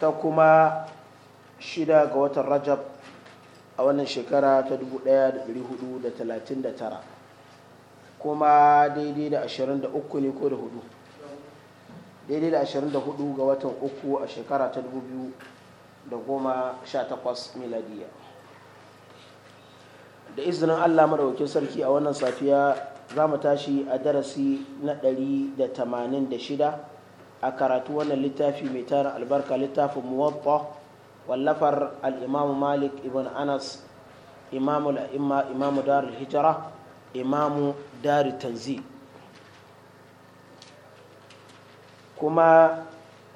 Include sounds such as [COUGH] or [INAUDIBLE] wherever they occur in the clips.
ta kuma shida ga watan rajab a wannan shekara ta 1439 kuma daidai da 23 ne ko da hudu daidai da 24 ga watan uku a shekara ta 2018 miladiya da izinin allah maɗaukin sarki a wannan safiya za mu tashi a darasi na 186 a karatu wannan littafi mai tara albarka littafin muwatta wallafar al'imamu malik ibn anas imamu la'imma imamu darul hijira imamu dari tanzi kuma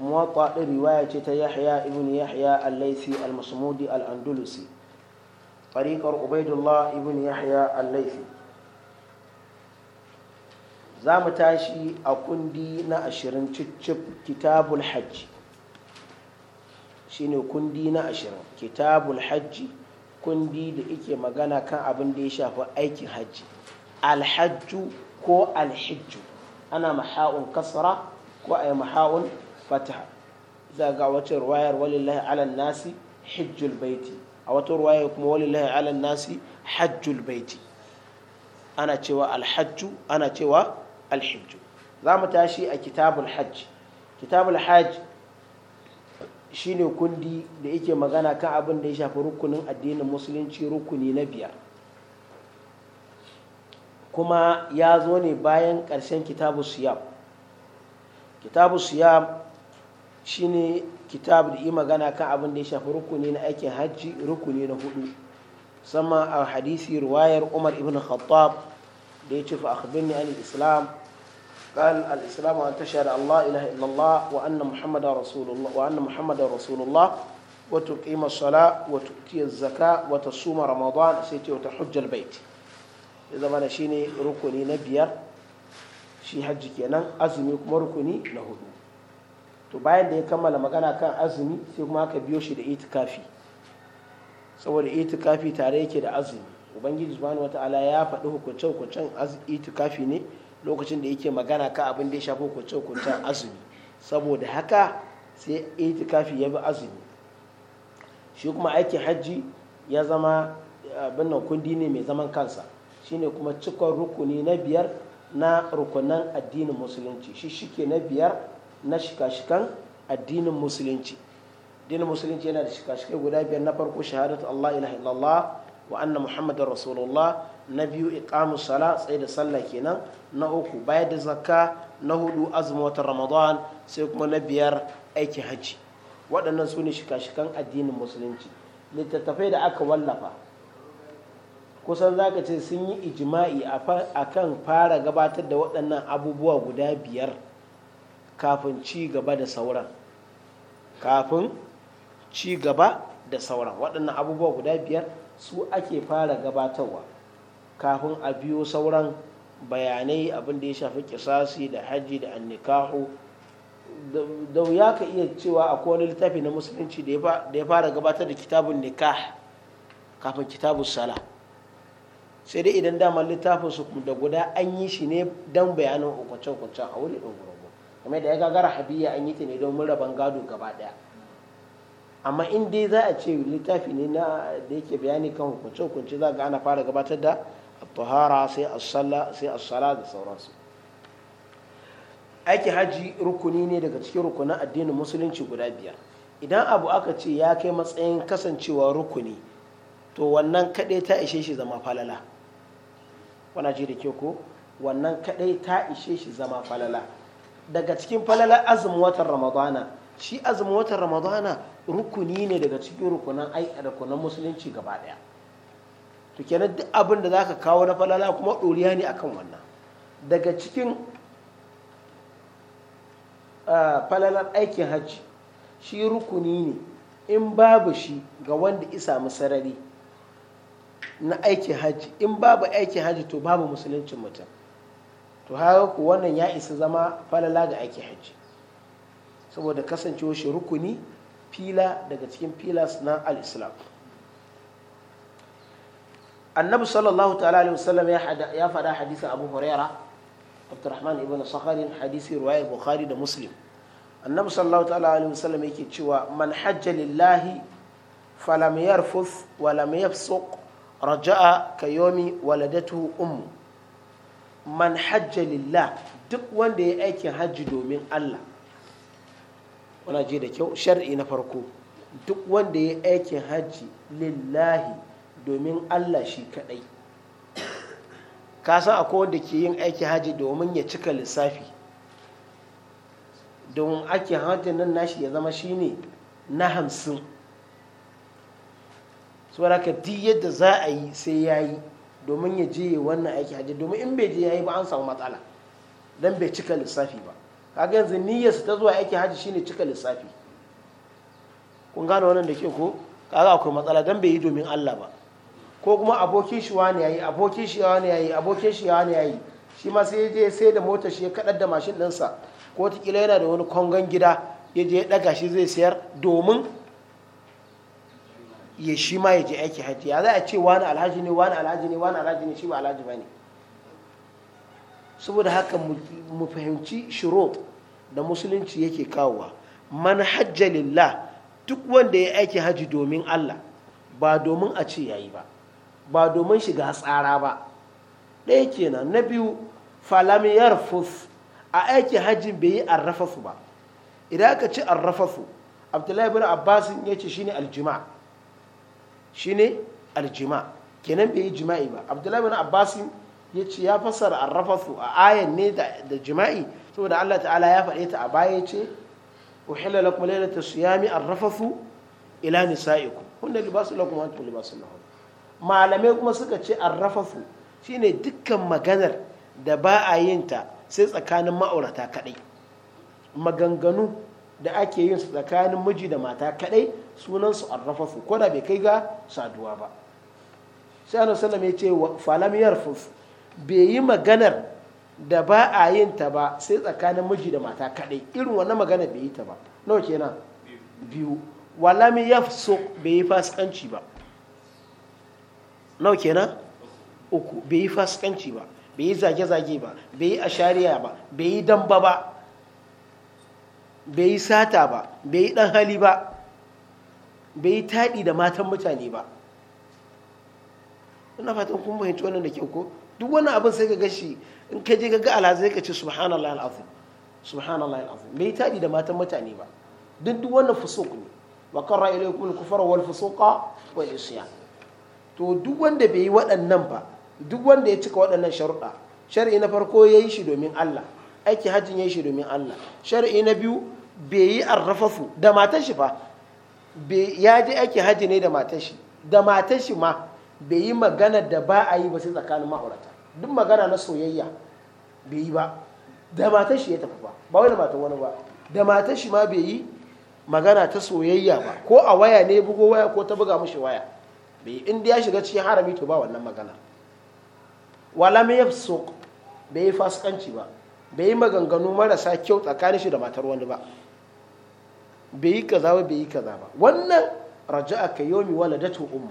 muwatta ɗin riwaya ce ta yahya ibn yahya al-laisi al-masmudi al-andalusi tariƙar ubaidullah ibn yahya al-laisi za mu tashi a kundi na ashirin cicif kitabul hajji shine kundi na ashirin kitabul hajji kundi da ike magana kan abin da ya shafi aikin hajji alhajju ko alhijju ana maha'un kasara ko a yi maha'un fataha za ga wata ruwayar walillahi ala nasi hijjul baiti a wata ruwayar kuma walillahi ala nasi hajjul baiti ana cewa alhajju ana cewa alhijju za mu tashi a kitabul hajj kitabul hajj shine kundi da yake magana kan abin da ya shafi rukunin addinin musulunci rukuni na biyar kuma ya zo ne bayan ƙarshen kitabu siyam kitabu siyam shine kitab da yi magana kan abin da ya shafi rukuni na aikin hajji rukuni na hudu sama a hadisi ruwayar umar ibn khattab da ya ce fa akhbirni islam قال الإسلام أن تشهد الله إله إلا الله وأن محمد رسول الله وأن محمد رسول الله وتقيم الصلاة وتؤتي الزكاة وتصوم رمضان سيتي وتحج البيت إذا ما شيني ركني نبيار shi hajji kenan azumi kuma rukuni na hudu to bayan da ya kammala magana kan azumi sai kuma aka biyo shi da itikafi saboda itikafi tare yake da azumi ubangiji subhanahu ya faɗi hukunce hukuncen itikafi ne lokacin da yake magana ka abin da ya shafi kwace kwace azumi saboda haka sai itikafi ya bi azumi shi kuma aikin hajji ya zama abin nan kundi ne mai zaman kansa shine kuma cikon rukuni na biyar na rukunan addinin musulunci shi shike na biyar na shika-shikan addinin musulunci addinin musulunci yana da shika-shikai guda biyar na farko shahadatu Allah ilaha illallah wa anna muhammadar rasulullah na biyu iqamu sala tsaye da sallah kenan na uku bayar da zakka na hudu azumin watan ramadan sai kuma na biyar aiki hajji waɗannan su ne shika-shikan addinin musulunci littattafai da aka wallafa kusan za ka ce sun yi ijima'i a kan fara gabatar da waɗannan abubuwa guda biyar kafin ci gaba da sauran kafin ci gaba da sauran waɗannan abubuwa guda biyar su ake fara gabatarwa kafin a biyo sauran bayanai abin da ya shafi kisasi da hajji da annikahu da wuya ka iya cewa a wani littafi na musulunci da ya fara gabatar da kitabun nikah kafin kitabun sala sai dai idan dama littafin su da guda an yi shi ne don bayanin hukuncin hukuncen a wuri ɗungurungu kuma da ya gagara habiya an yi ta ne domin raban gado gaba ɗaya amma in dai za a ce littafi ne da yake bayani kan hukuncin hukuncin za ga ana fara gabatar da tahara sai as-salla sai a sala da sauransu aiki haji rukuni ne daga cikin rukunin addinin musulunci guda biyar idan abu aka ce ya kai matsayin kasancewa rukuni to wannan kadai ta ishe shi zama falala wana ji da ke ko wannan kadai ta ishe shi zama falala daga cikin falala azumin watan ramadana shi azumin watan ramadana rukuni ne daga cikin rukunan ai rukunan musulunci gaba ɗaya to kenan duk abin da zaka kawo na falala kuma ɗoriya ne akan wannan daga cikin falalar aikin hajji shi rukuni ne in babu shi ga wanda isa sarari na aikin hajji in babu aikin hajji to babu musuluncin mutum to haka ku wannan ya isa zama falala ga aikin hajji saboda kasancewa shi rukuni fila daga cikin filas na al-islam annabi sallallahu ta'ala alaihi wasallam ya faɗa hadisin abu huraira abdurrahman ibn sakharin hadisi ruwaya bukhari da muslim annabi sallallahu ta'ala alaihi wasallam yake cewa man hajja lillahi falam yarfuth wa lam yafsuq raja'a ka yomi waladatu ummu man hajja lillah duk wanda ya aikin hajji domin Allah wana je da kyau shar'i na farko duk wanda ya aikin hajji lillahi domin Allah shi kaɗai ka san akwai wanda ke yin aiki haji domin ya cika lissafi domin ake haji nan nashi ya zama shi ne na hamsin saboda ka di yadda za a yi sai ya yi domin ya je wannan aiki haji domin in bai je ya yi ba an samu matsala don bai cika lissafi ba kaga yanzu niyyarsa ta zuwa aiki haji shine cika lissafi kun gane wannan da ke ko kaga akwai matsala don bai yi domin Allah ba ko kuma abokin shi wani yayi abokin shi wani yayi abokin shi wani yayi shi ma sai je sai da motar shi ya kadar da mashin ɗinsa ko kila yana da wani kongon gida ya je ya daga shi zai sayar domin ya shi ma ya je aiki hajji ya za a ce wani alhaji ne wani alhaji ne wani alhaji ne shi ba alhaji bane saboda haka mu fahimci shiro da musulunci yake kawowa man hajjalillah duk wanda ya aiki hajji domin allah ba domin a ce yayi ba ba domin shiga tsara ba ɗaya kenan na biyu falamiyar yarfus a aikin hajjin bai yi su ba idan aka ci su abdullahi bin abbas ya ce shine aljima shine aljima kenan bai yi jima'i ba abdullahi bin abbas ya ce ya fassara arrafasu a ayan ne da jima'i saboda Allah ta'ala ya faɗe ta a baya ce uhilla lakum laylata siyami arrafasu ila nisaikum hunna libasul lakum wa antum lahum malamai kuma suka ce arrafafu shine dukkan maganar da ba a yin ta sai tsakanin ma'aurata kadai maganganu da ake yin su tsakanin miji da mata kadai sunansu arrafafu ko da bai kai ga saduwa ba sai ana sallam ya ce falam bai yi maganar da ba a yin ta ba sai tsakanin miji da mata kadai irin wannan maganar bai yi ta ba nawa kenan biyu walami so bai yi fasikanci ba nau kenan uku bai yi fasikanci ba bai yi zage-zage ba bai yi ashariya ba bai yi damba ba bai yi sata ba bai yi dan hali ba bai yi taɗi da matan mutane ba ina fatan kuma mahimci wannan da kyau ko duk wani abin sai ga gashi in ka je ga alhazai ka ce subhanallah al'azim subhanallah al'azim bai yi taɗi da matan mutane ba duk duk wannan fusuk ne wa qarra ilaykum al wal fusuqa wal isyan to duk wanda bai yi waɗannan ba duk wanda ya cika waɗannan sharuɗa shari'i na farko ya yi shi domin Allah aiki hajjin ya yi shi domin Allah shari'i na biyu bai yi arrafafu da matan shi fa ya je aiki hajji ne da matan shi da matan shi ma bai yi magana da ba a yi ba sai tsakanin ma'aurata duk magana na soyayya bai yi ba da matan shi ya tafi ba ba wai da wani ba da matan shi ma bai yi magana ta soyayya ba ko a waya ne bugo waya ko ta buga mashi waya bai in ya shiga cikin harami to ba wannan magana wala mai ya bai fasikanci ba bai yi maganganu marasa kyau tsakanin shi da matar wani ba bai yi kaza ba bai yi kaza ba wannan raja'a ka yomi waladatu ummu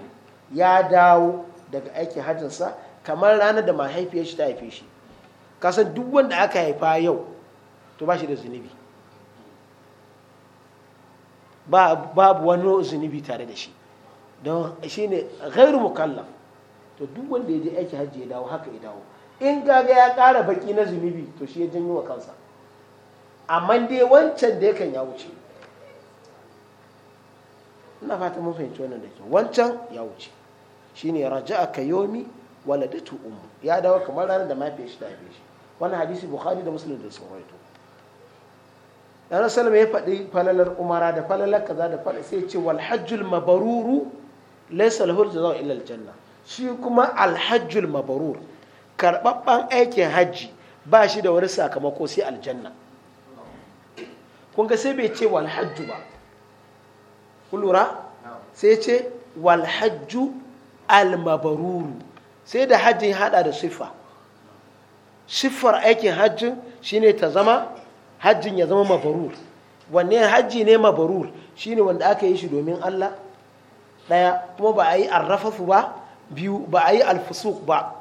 ya dawo daga aikin hajjinsa kamar ranar da mahaifiyar shi ta haife shi kasan duk wanda aka haifa yau to ba shi da zunubi babu wani zunubi tare da shi don shi ne gairu mukallaf to duk wanda ya je aiki hajji ya dawo haka ya dawo in gaga ya kara baki na zunubi to shi ya janyo wa kansa amma dai wancan da yakan ya wuce ina fata mun fahimci wannan da kyau wancan ya wuce Shi raja a kayomi waladatu Umu ya dawo kamar ranar da mafi shi da haife shi wannan hadisi bukhari da musulun da sun rawaito ɗan sallama ya faɗi falalar umara da falalar kaza da falalar sai ce walhajjul mabaruru laysa lahu jazaa'u illa aljanna shi kuma alhajjul mabrur karbabban aikin hajji ba shi da wani sakamako sai aljanna kun ga sai bai ce wal hajju ba kun lura sai ce wal hajju al sai da hajjin hada da siffa siffar aikin hajjin shine ta zama hajjin ya zama mabarur wanne hajji ne mabarur shine wanda aka yi shi domin Allah ɗaya kuma ba a yi arrafafu ba biyu ba a yi alfusuk ba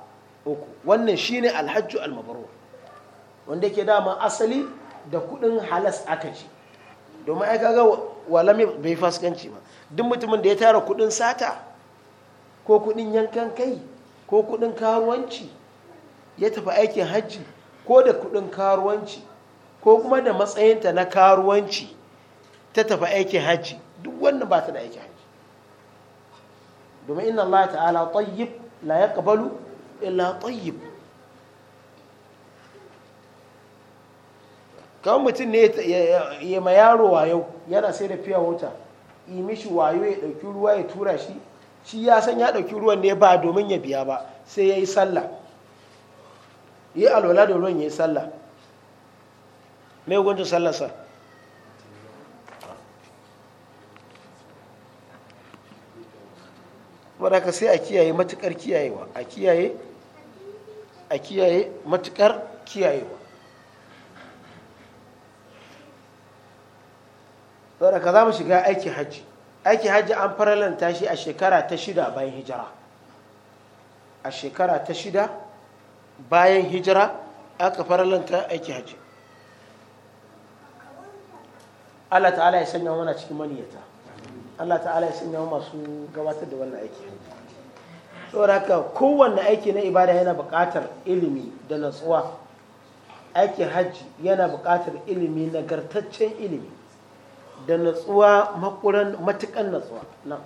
uku wannan shi ne alhajju almabrur wanda yake dama asali da kudin halas aka ce domin ai kaga walami bai fasikanci ba duk mutumin da ya tara kudin sata ko kudin yankan kai ko kudin karuwanci ya tafi aikin hajji ko da kudin karuwanci ko kuma da matsayinta na karuwanci ta tafi aikin hajji duk wannan ba ta da aikin domin inna Allah ta'ala tayyib la yaqbalu illa tayyib kan mutum ne ya ma yaro wayo yana sai da fiya wuta yi mishi wayo ya ɗauki ruwa ya tura shi shi ya san ya ɗauki ruwan ne ba domin ya biya ba sai ya yi sallah yi alwala da ruwan ya yi sallah mai hukuncin sallarsa saboda haka sai a kiyaye matukar kiyayewa a kiyaye a kiyaye matukar kiyayewa saboda ka za mu shiga aikin hajji aikin hajji an faralanta shi a shekara ta shida bayan hijira a shekara ta shida bayan hijira aka faralanta aiki hajji Allah ta'ala ya sanya mana cikin maniyata Allah ta'ala ya sanya masu gabatar da wannan aiki saboda haka kowanne aiki na ibada yana buƙatar ilimi da natsuwa aikin hajji yana buƙatar ilimi nagartaccen ilimi da natsuwa makuran matukan natsuwa na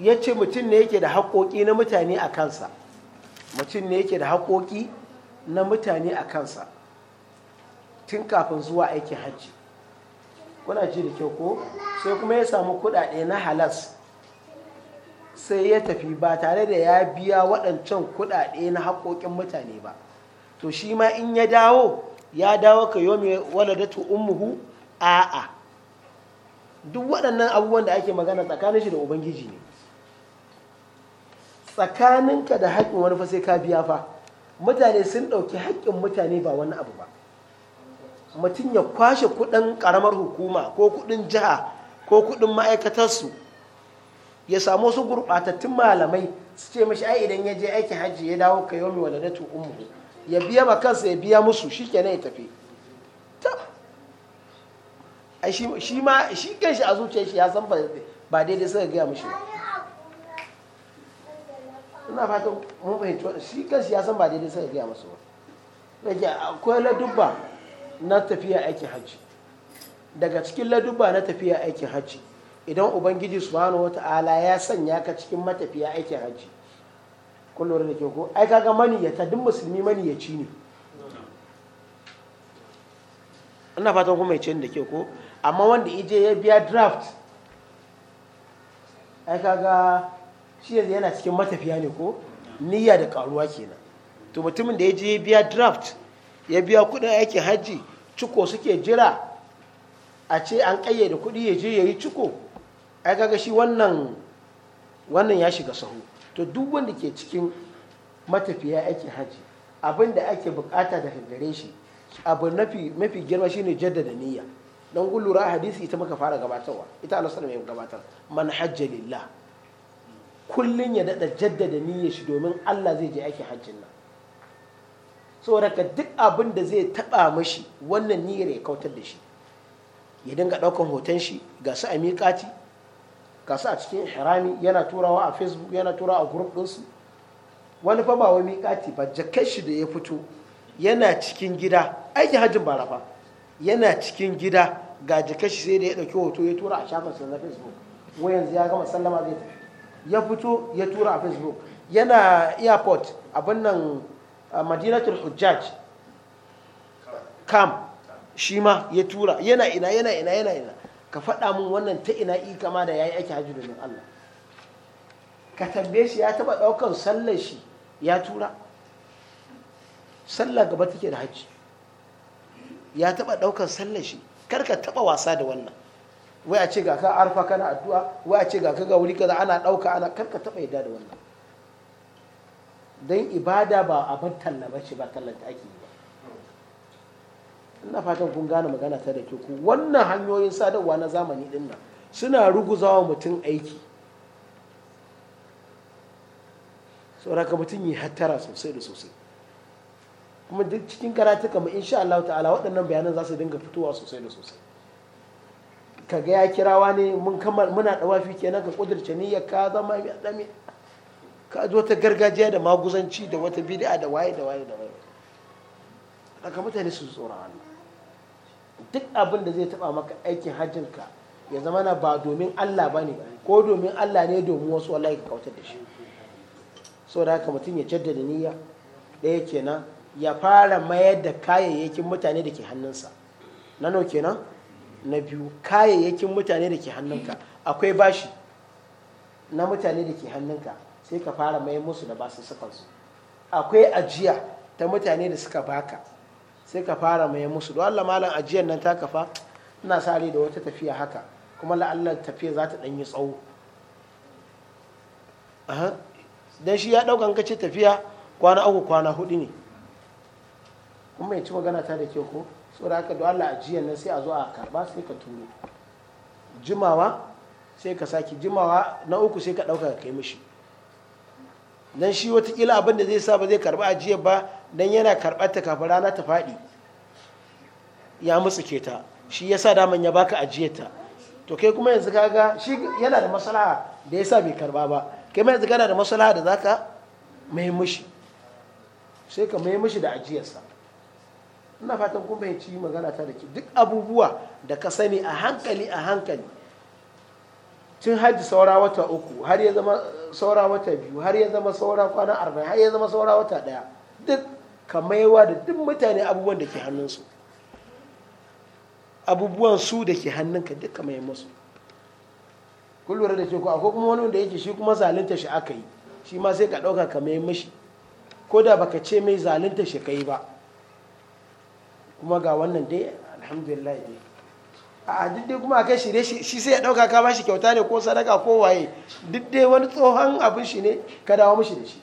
ya ce mutum ne yake da haƙoƙi na mutane a kansa mutum ne yake da haƙoƙi na mutane a kansa tun kafin zuwa aikin hajji kuna ji da kyau ko sai kuma ya samu kuɗaɗe na halas sai ya tafi ba tare da ya biya waɗancan kuɗaɗe na haƙoƙin mutane ba to shi ma in ya dawo ya dawo ka yomi waladatu ummuhu a'a duk waɗannan abubuwan da ake magana tsakanin shi da ubangiji ne tsakaninka da haƙƙin wani fa sai ka biya fa mutane sun ɗauki haƙƙin mutane ba wani abu ba mutum ya kwashe kuɗin ƙaramar hukuma ko kuɗin jiha ko kuɗin ma'aikatarsu ya samu su gurɓatattun malamai su ce mashi ai idan ya je aiki hajji ya dawo ka mai waladatu ummu ya biya ma kansa ya biya musu shi kenan ya tafi shi ma shi kanshi a zuciyar shi ya san ba daidai suka gaya mishi ba ina fatan mun fahimci wannan shi kanshi ya san ba daidai suka gaya masu ba yake akwai ladubba na tafiya aikin hajji daga cikin ladubba na tafiya aikin hajji idan ubangiji subhanahu ala ya sanya ka cikin matafiya aikin hajji kun lura da ke ko ai kaga ta duk musulmi ci ne ina fatan kuma ya ce da ke ko amma wanda ije ya biya draft ai kaga shi yanzu yana cikin matafiya ne ko niyya da karuwa kenan to mutumin da ya je biya draft ya biya kudin aikin hajji ciko suke jira a ce an kayyade kudi ya je ya yi ciko ai kaga shi wannan wannan ya shiga sahu to duk wanda ke cikin matafiya aikin hajji abin da ake bukata da gare shi abu mafi girma shine jaddada niyya don kun lura hadisi ita muka fara gabatarwa ita Allah sallallahu alaihi gabatar man hajja lillah kullun ya dada jaddada niyyar shi domin Allah zai je aiki hajjin nan saboda ka duk abin da zai taba mashi wannan niyyar ya kautar da shi ya dinga daukan hoton shi ga su a miƙati ga su a cikin harami yana turawa a facebook yana turawa a group ɗinsu wani fa ba wai ba jakar shi da ya fito yana cikin gida aiki hajjin barafa. yana cikin gida ga jikashi sai da ya ɗauki hoto ya tura a shafinsa na facebook wai yanzu ya gama sallama zai ta ya fito ya tura a facebook yana airport abin nan madinatul hujjaj kam shi ma ya tura yana ina yana ina yana ina ka faɗa min wannan ta ina i kama da yayi ake hajji domin Allah ka tambaye shi ya taɓa ɗaukan sallar shi ya tura sallar gaba take da hajji ya taba daukar sallar shi kar ka taba wasa da wannan wai a ce ga ka arfa kana addu'a wai a ce ga ka ga wuri kaza ana dauka ana kar ka taba yadda da wannan dan ibada ba a bar talla ba ce ba tallan ake yi ba ina fatan kun gane magana ta da ku wannan hanyoyin sadarwa na zamani din nan suna ruguzawa mutum aiki sauraka mutum yi hattara sosai da sosai kuma duk cikin karatu kama insha Allah ta'ala waɗannan bayanan za su dinga fitowa sosai da sosai ka ga ya kirawa ne mun kamar muna dawafi kenan ka kudurce ya ka zama ya adami ka zo ta gargajiya da maguzanci da wata bid'a da waye da waye da waye mutane su tsoron Allah duk abin da zai taba maka aikin hajjin ka ya zama na ba domin Allah ba ko domin Allah ne domin wasu wallahi ka kautar da shi saboda haka mutum ya jaddada niyya ɗaya kenan ya fara mayar da kayayyakin mutane da ke hannunsa na nau kenan na biyu kayayyakin mutane da ke hannunka akwai bashi na mutane da ke hannunka sai ka fara mayar musu da basu sukansu akwai ajiya ta mutane da suka baka sai ka fara mayar musu don Allah malam ajiyar nan ta kafa ina sa da wata tafiya haka kuma la'allar tafiya za ta yi tsawo don shi ya ɗaukan kace tafiya kwana uku kwana hudu ne kun mai ci magana ta da ke ko saboda haka Allah ajiyar nan sai a zo a karba sai ka turo jimawa sai ka saki jimawa na uku sai ka dauka ka kai mishi dan shi watakila abin da zai sa ba zai karba ajiyar ba dan yana karbar ta kafin rana ta faɗi ya ke ta shi ya sa daman ya baka ajiyar ta to kai kuma yanzu kaga shi yana da maslaha da ya sa bai karba ba kai ma yanzu kana da maslaha da zaka mai mishi sai ka mai mishi da ajiyarsa ina fatan kun bayyanci magana ta da ke duk abubuwa da ka sani a hankali a hankali tun hajji saura wata uku har ya zama eh, saura wata biyu har ya zama saura kwana arba'in har ya zama saura wata daya duk ka maiwa da duk mutane abubuwan da ke hannunsu abubuwan su da ke hannunka duk ka mai musu kun lura da teku akwai kuma wani da yake shi kuma zalunta shi aka yi shi ma sai ka ɗauka ka mai mashi ko da baka ce mai zalunta shi ka yi ba kuma ga wannan dai alhamdulillah dai a duk dai kuma akai shirye shi sai ya dauka ka bashi kyauta ne ko sadaka ko waye duk dai wani tsohon abin shi ne ka dawo mishi da shi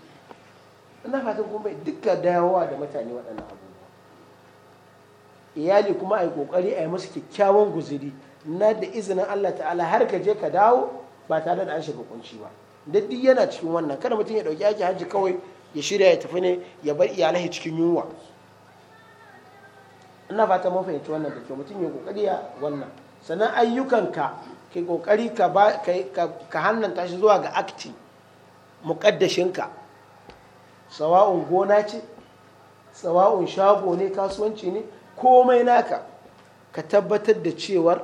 ina fatan kuma bai duka dawowa da mutane waɗannan abubuwa iyali kuma a yi kokari a yi musu kyakkyawan guziri na da izinin Allah ta'ala har ka je ka dawo ba tare da an shiga kunci ba duk yana cikin wannan kada mutum ya dauki aiki hajji kawai ya shirya ya tafi ne ya bar iyalai cikin yunwa ina fata mun fahimci wannan da kyau mutum ya kokari ya wannan sannan ka ke kokari ka ba ka hannanta shi zuwa ga akti muƙaddashinka sawa'un gona ce sawa'un shago ne kasuwanci ne komai naka ka tabbatar da cewar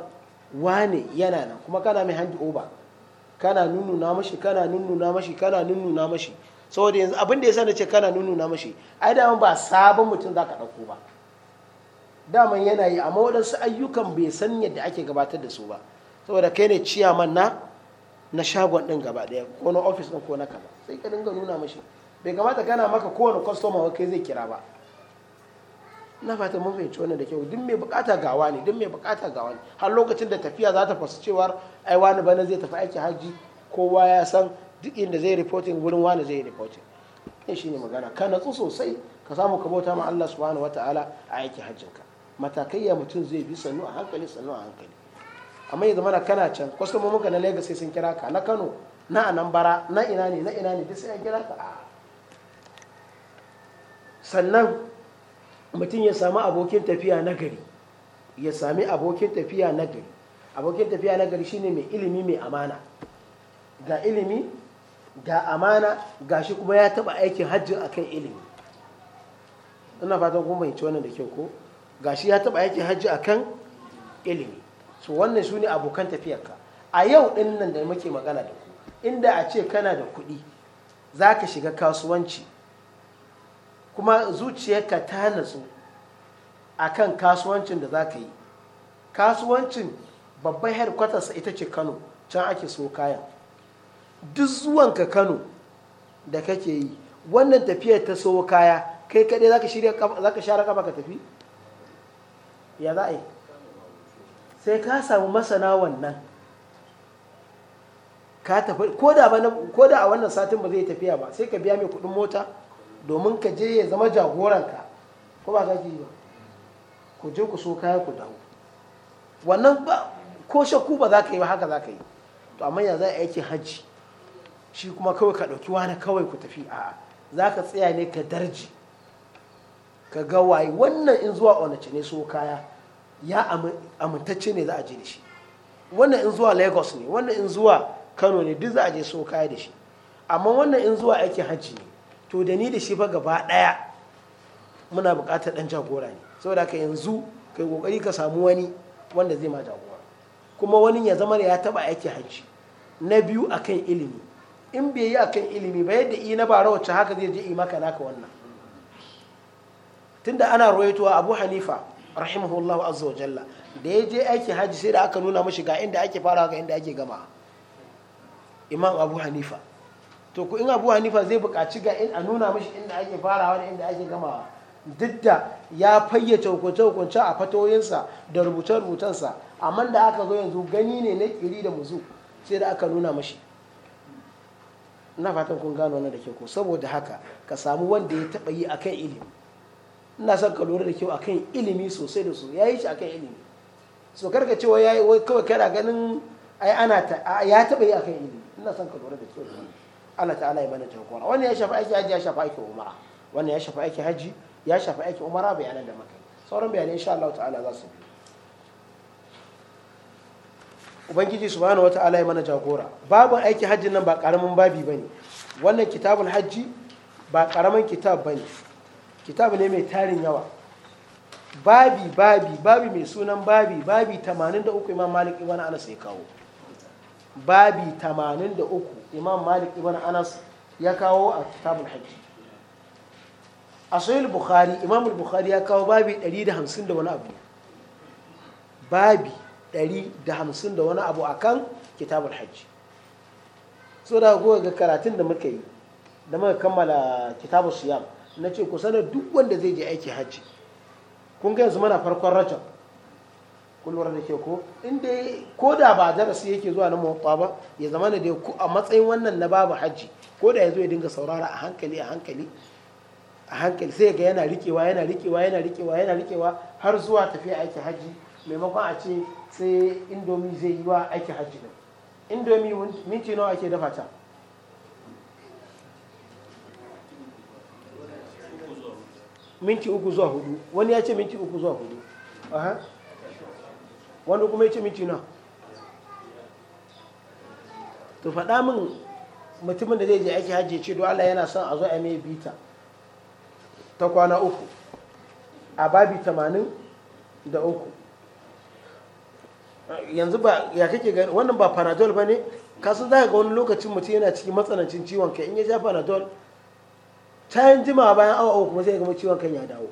wane yana nan kuma kana mai hand over kana na mashi kana na mashi kana na mashi saboda yanzu abin da ya sa na ce kana na mashi ai da ba sabon mutum zaka ɗauko ba daman yana yi amma waɗansu ayyukan bai san yadda ake gabatar da su ba saboda kai ne ciyaman na na shagon ɗin gaba ɗaya ko na ofis ɗin ko na kaza sai ka dinga nuna mashi bai kamata kana maka kowane kwastoma wa kai zai kira ba na fata mun fahimci wannan da kyau duk mai bukata gawa ne duk mai bukata gawa ne har lokacin da tafiya za ta fasu cewar ai wani bana zai tafi aiki hajji kowa ya san duk inda zai reporting wurin wani zai reporting ne shine magana ka natsu sosai ka samu ka bauta ma Allah subhanahu wataala a aiki hajjinka matakai ya mutum zai bi sannu a hankali sannu a hankali amma ya zamana kana can kwastomomin ka na lagos sai sun kira ka na kano na anambara na ina ne na ina ne duk sai an kira ka a sannan mutum ya sami abokin tafiya na gari ya sami abokin tafiya na gari abokin tafiya na gari shine mai ilimi mai amana ga ilimi ga amana gashi kuma ya taba aikin hajji akan ilimi ina fatan kuma bai ci wannan da kyau ko gashi ya taba yake hajji akan ilimi so wannan su ne abokan tafiyarka a yau din nan da muke magana da ku inda a ce kana da kuɗi za ka shiga kasuwanci kuma zuciyarka ta natsu a kan kasuwancin da za ka yi kasuwancin babban headquartersa ita ce kano can ake so kayan duk zuwanka kano da kake yi wannan tafiyar ta so kaya kai kaɗai za ka share kafa ka tafi ya za a yi sai ka samu masana wannan ka tafi ko da a wannan satin ba zai tafiya ba sai ka biya mai kudin mota domin ka je ya zama jagoranka ko ba ka ba ku je ku so kaya ku dawo wannan ba ko shakku ba za ka yi ba haka za ka yi to amma ya za a yake hajji shi kuma kawai ka ɗauki wani kawai ku tafi a'a za ka tsaya ne ka darji ka ga wayi wannan in zuwa onace ne so kaya ya amintacce ne za a je da shi wannan in zuwa lagos ne wannan in zuwa kano ne duk za a je so kaya da shi amma wannan in zuwa aikin hajji ne to da ni da shi fa gaba ɗaya muna buƙatar dan jagora ne saboda ka yanzu kai kokari ka samu wani wanda zai ma jagora kuma wani ya zama da ya taba aiki hajji na biyu akan ilimi in bai yi akan ilimi ba yadda i na bara wacce haka zai je i maka naka wannan tunda ana ruwaitowa abu hanifa rahimahullahu azza wa jalla da ya je aiki haji sai da aka nuna mashi ga inda ake fara ga inda ake gama imam abu hanifa to ku in abu hanifa zai buƙaci ga in a nuna mashi inda ake farawa da inda ake gamawa duk da ya fayyace hukunce-hukunce a fatoyinsa da rubuce-rubucensa amma da aka zo yanzu gani ne na kiri da muzu sai da aka nuna mashi na fatan kun gano wannan da ke ko saboda haka ka samu wanda ya taɓa yi akan ilimi ina son ka lura da kyau akan ilimi sosai da su ya yi shi akan ilimi so karka cewa ya yi kawai kana ganin ai ana ta ya taba yi akan ilimi ina son ka lura da kyau Allah ta'ala ya bani jagora wannan ya shafi aiki haji ya shafi aiki umara wannan ya shafi aiki haji ya shafi aiki umara bayanan da maka sauran bayanai insha Allah ta'ala za su bi ubangiji subhanahu wata'ala ya mana jagora babu aikin hajji nan ba karamin babi bane wannan kitabul hajji ba karamin kitab bane kitabu ne mai tarin yawa babi babi babi mai sunan babi babi 83 imam malik ibn anas ya kawo babi 83 imam malik ibn anas ya kawo a kitabul hajji a sahih bukhari imam bukhari ya kawo babi 150 da wani abu babi 150 da wani abu akan kitabul hajji so da ga karatun da muka yi da muka kammala kitabul siyam na ce ku sanar duk wanda zai je aiki hajji kun ga yanzu mana farkon rajab kun da ke ko in dai ko da ba darasi yake zuwa na mawata ba ya zama da dai a matsayin wannan na babu hajji ko da ya zo ya dinga saurara a hankali a hankali a hankali sai ga yana rikewa yana rikewa yana rikewa yana rikewa har zuwa tafiya aiki hajji maimakon a ce sai indomi zai yi wa aiki hajji din indomi minti nawa ake dafa ta minti uku zuwa hudu wani ya ce minti uku zuwa hudu wani kuma ya ce minti na to faɗa min mutumin da zai je aiki hajji ce do Allah yana son a zo a mai bita ta kwana uku a babi tamanin da uku yanzu ba ya kake gani wannan ba panadol ba ne kasu za ga wani lokacin mutum yana cikin matsanancin ciwon kai in ya sha panadol can jima bayan awa uku kuma sai kuma ciwon kan ya dawo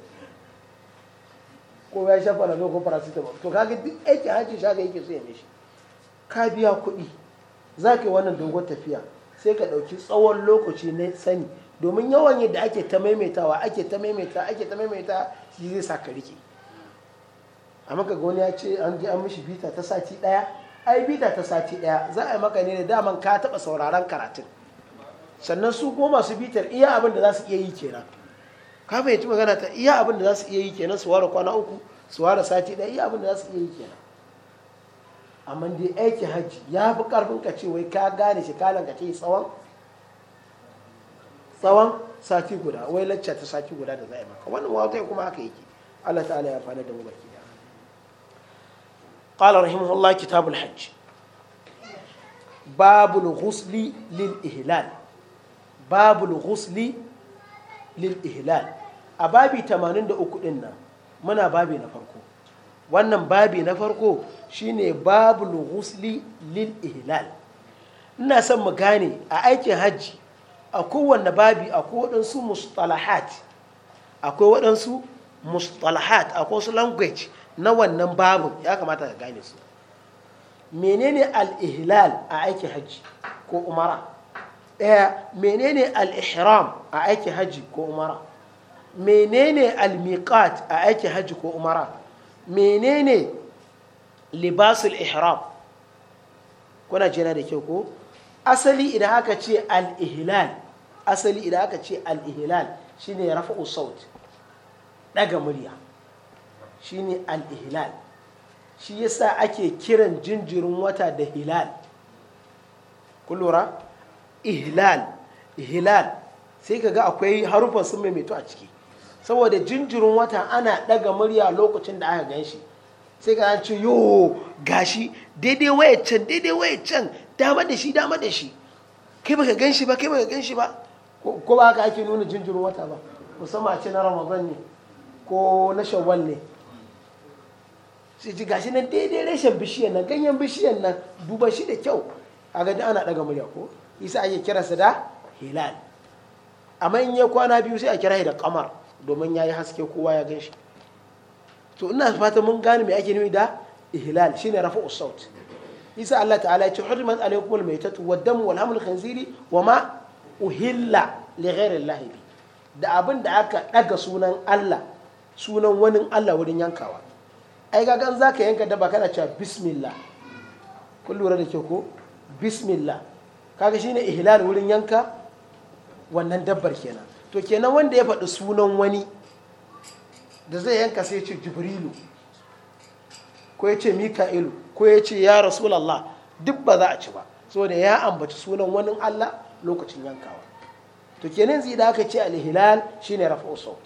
ko ya sha falalo ko paracetamol to kaga duk aiki hajji shaka yake so ya mishi ka biya kuɗi za ka yi wannan dogon tafiya sai ka ɗauki tsawon lokaci na sani domin yawan yadda ake ta maimaitawa ake ta maimaita ake ta maimaita shi zai sa ka rike amma ka wani ya ce an ji an mishi bita ta sati ɗaya ai bita ta sati ɗaya za a yi maka ne da daman ka taɓa sauraron karatun sannan su kuma masu bitar iya abin da za su iya yi kenan ka fahimci magana ta iya abin da za su iya yi kenan su ware kwana uku su ware sati ɗaya iya abin da za su iya yi kenan amma dai aiki hajji ya fi karfin ka ce wai ka gane shi kalan ka ce tsawon tsawon sati guda wai lacca ta sati guda da za a maka wannan wata kuma haka yake Allah ta'ala ya fara da mu baki da qala rahimahullah kitabul hajji babul husli lil ihlal babul ghusli lil ihlal a babi 83 din nan muna babi na farko wannan babi na farko shine babul ghusli lil ihlal ina son mu gane a aikin hajji a kowanne babi akwai waɗansu mustalahat akwai waɗansu mustalahat akwai wasu language na wannan babu ya kamata ka gane su menene al-ihlal a aikin hajji ko umara ɗaya menene al-ihram a aiki haji ko umara menene al-miqat a aiki haji ko umara menene libasul ihram kuna jina da kyau ko asali idan aka ce al-ihlal asali idan aka ce al-ihlal shine rafa'u saut daga murya shine al-ihlal shi yasa ake kiran jinjirin wata da hilal kullura ihlal ihlal sai ka ga akwai harufan sun maimaito a ciki saboda jinjirin wata ana daga murya lokacin da aka gan shi sai ka ce yo gashi daidai waya can daidai waya can dama da shi dama da shi kai baka gan shi ba kai baka gan shi ba ko ba ka ake nuna jinjirin wata ba musamman a ce na ramadan ne ko na shawwal ne sai ji gashi na daidai rashin bishiyan nan ganyen bishiyan nan duba shi da kyau a ga ana daga murya ko isa ake sa da hilal amma in ya kwana biyu sai a kira shi da kamar domin ya yi haske kowa ya ganshi to ina fata mun gane mai ake nufi da hilal shine rafa usaut isa Allah ta'ala ya ce hurrimat alaykum mai maytatu wad-damu wal-hamlu khanziri ma uhilla li ghayri da abin da aka daga sunan Allah sunan wani Allah wurin yankawa ai ga gan zaka yanka da daba kana cewa bismillah kun lura da ke ko bismillah kaga shine ihlal wurin yanka wannan dabbar kenan to kenan wanda ya faɗi sunan wani da zai yanka sai ya ce jibrilu ko ya ce mika'ilu ko ya ce ya rasulallah duk ba za a ci ba saboda ya ambaci sunan wani allah lokacin yankawa to kenan zai da aka ce alhilal shine rafa'u saut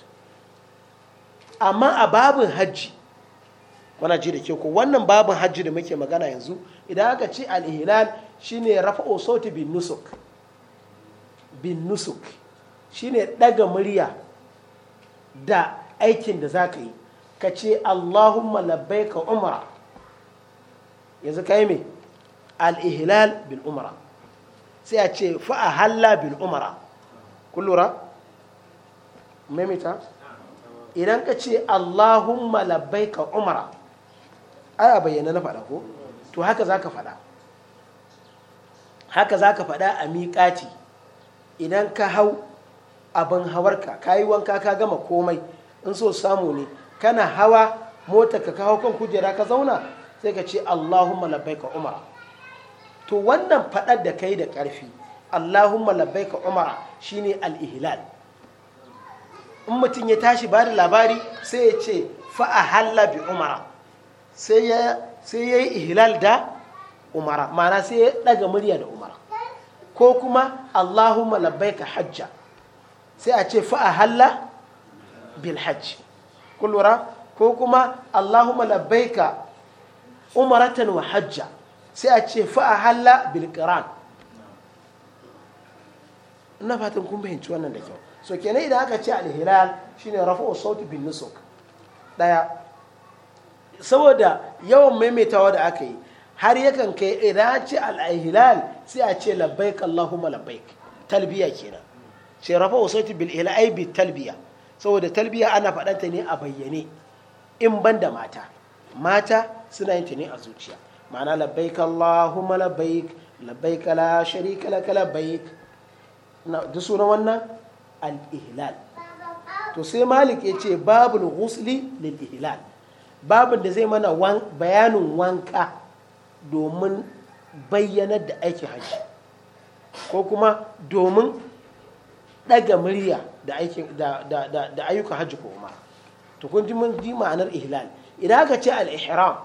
amma a babin hajji kuna ji da ke ko wannan babin hajji da muke magana yanzu idan aka ce al-ihlal shine rafa'u sauti bin nusuk bin nusuk shine daga murya da aikin da zaka yi ka ce Allahumma labbaika umra yanzu kai me al-ihlal bil umra sai a ce fa ahalla bil umra kullura memita idan ka ce Allahumma labbaika umra Aya bayyana na faɗa ko to haka za ka faɗa haka za ka faɗa a miƙati idan ka hau abin hawarka ka yi wanka ka gama komai in so samu ne kana hawa mota ka kawo kan kujera ka zauna sai ka ce allahumma ka umara to wannan faɗar da kai da ƙarfi allahumma ka umara shine al-ihlal in mutum ya tashi ba labari sai ya ce fa'a halla bi umara sai ya yi ihilal da umara mana sai ya daga murya da umara ko kuma allahumma labbaika hajja sai a ce fa'a halla bil hajji kullura ko kuma allahumma labbaika umaratan wa hajja sai a ce fa'a halla bil qiran ina fatan kun fahimci wannan da kyau so kenan idan aka ce al-hilal shine rafa'u sauti bin nusuk daya saboda yawan maimaitawa da aka yi har yakan kai iraci ce sai a ce labbaik allahumma labbaik talbiya kenan sai rafa usaiti bil ihlai bi talbiya saboda talbiya ana faɗanta ne a bayyane in ban da mata mata suna yin ta ne a zuciya ma'ana labbaik allahumma labbaik labbaik la sharika lak labbaik duk sunan wannan al-ihlal to sai malik ya ce babul ghusli lil ihlal babu da zai mana bayanin wanka domin bayyanar da aikin hajji ko kuma domin ɗaga murya da ayyukan hajji ko ma to kun ji ji ma'anar ihlal idan aka ce al-ihram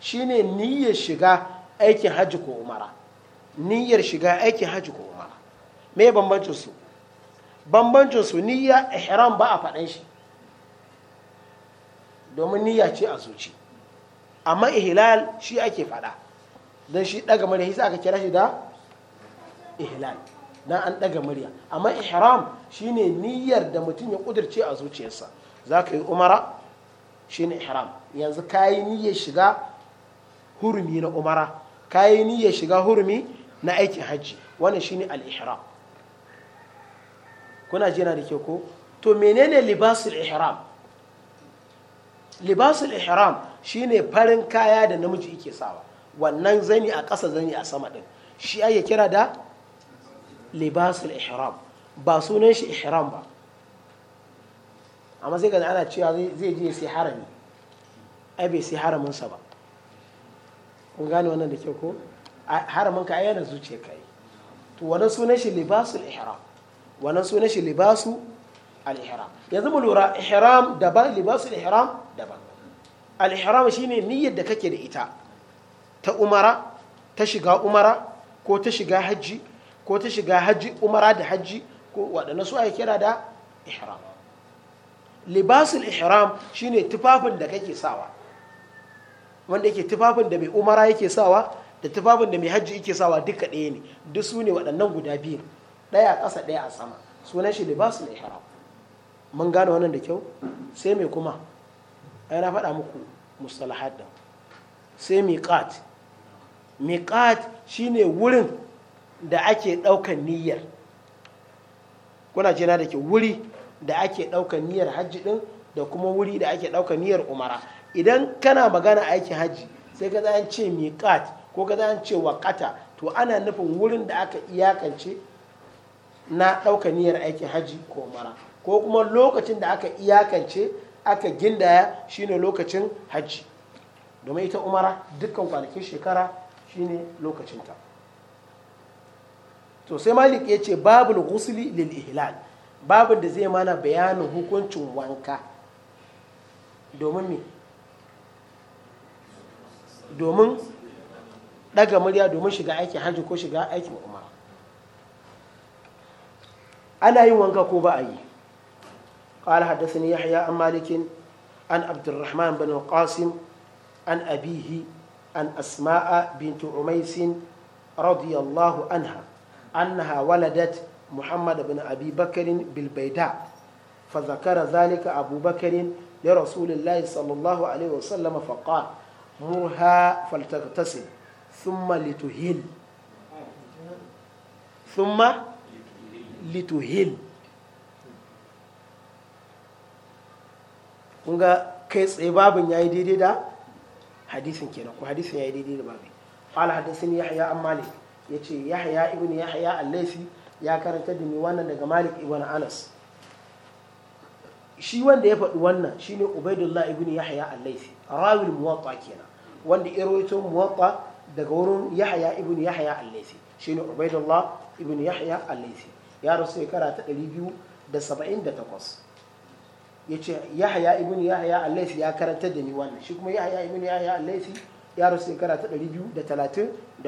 shine niyyar shiga aikin hajji ko umara niyyar shiga aikin hajji ko umara me bambancin su bambancin su niyya ihram ba a faɗan shi domin niyya ce a zuci amma ihlal shi ake faɗa don shi ɗaga murya shi aka kira shi da ihlal dan an ɗaga murya amma ihram shine niyyar da mutum ya ƙudurce a zuciyarsa za ka yi umara shine ihram yanzu ka yi niyyar shiga hurumi na umara ka niyyar shiga hurumi na aikin hajji wannan shine al-ihram kuna jina da ke ko to menene libasul ihram libasul ihram shine farin kaya da namiji yake sawa wannan zani a ƙasa zani a sama din shi ake kira da libasul ihram ba sunan shi ihram ba amma sai ga ana cewa zai je sai harami ai bai sai haramin sa ba kun gane wannan da ke ko haramin ka ayyana zuciya kai to wannan sunan shi libasul ihram wannan sunan shi libasu al-ihram yanzu mu lura ihram daban libasul ihram daban al-ihram shine niyyar da kake da ita ta umara ta shiga umara ko ta shiga hajji ko ta shiga hajji umara da hajji ko waɗanda su ake kira da ihram libasul ihram shine tufafin da kake sawa wanda yake tufafin da mai umara yake sawa da tufafin da mai hajji yake sawa duka ɗaya ne duk su ne waɗannan guda biyu ɗaya a ƙasa ɗaya a sama sunan shi libasul ihram mun gane wannan da kyau sai mai kuma ai na faɗa muku mustalahat din sai miqat miqat shine wurin da ake daukan niyyar kuna jina da ke wuri da ake daukan niyyar hajji din da kuma wuri da ake daukan niyyar umara idan kana magana aikin hajji sai ka an ce miqat ko ka an ce waqata to ana nufin wurin da aka iyakance na ɗauka niyyar aikin hajji ko umara ko kuma lokacin da aka iyakance aka gindaya shine lokacin hajji domin ita umara dukkan kwanakin shekara shine lokacinta to sai malik ya ce babu da lil ihlal babu da zai mana bayanin hukuncin wanka domin me domin daga murya domin shiga aikin hajji ko shiga aikin umara ana yin wanka ko ba a yi قال حدثني يحيى عن مالك عن عبد الرحمن بن القاسم عن أبيه عن أسماء بنت عميس رضي الله عنها أنها ولدت محمد بن أبي بكر بالبيداء فذكر ذلك أبو بكر لرسول الله صلى الله عليه وسلم فقال مرها فلتغتسل ثم لتهل ثم لتهل kun ga kai tsaye babin yi daidai da hadisin kenan ko hadisin yi daidai da babin hadisin ya haya an malik ya ce ya haya ibn yahya al ya karanta da ni wannan daga malik ibn anas shi wanda ya faɗi wannan shi shine ubaidullah ibn Yahaya al-laysi rawil muwatta kenan wanda ya rawaito muwatta daga wurin Yahaya ibn Yahaya al shi shine ubaidullah ibn Yahaya al-laysi ya rasu shekara ta ɗari biyu da da saba'in 278 yace yahya ibn yahya al-laythi ya karanta da ni wannan shi kuma yahya ibn yahya al-laythi ya rasu shekara ta 234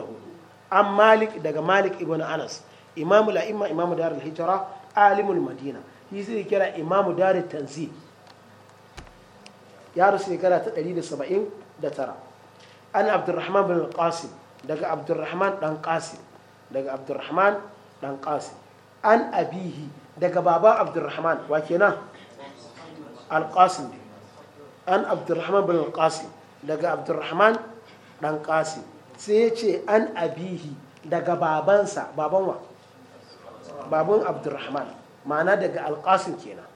an malik daga malik ibn anas imamu la'imma imamu dar al-hijra alimul madina shi sai kira imamu dar tanzi ya rasu shekara ta 179 an abdurrahman bin al-qasim daga abdurrahman dan qasim daga abdurrahman dan qasim an abihi daga baban abdurrahman wa kenan alƙasim ne an abdurrahman bin alƙasim daga abdurrahman ɗan ƙasim sai ya ce an abihi daga babansa baban wa baban abdurrahman ma'ana daga alƙasim kenan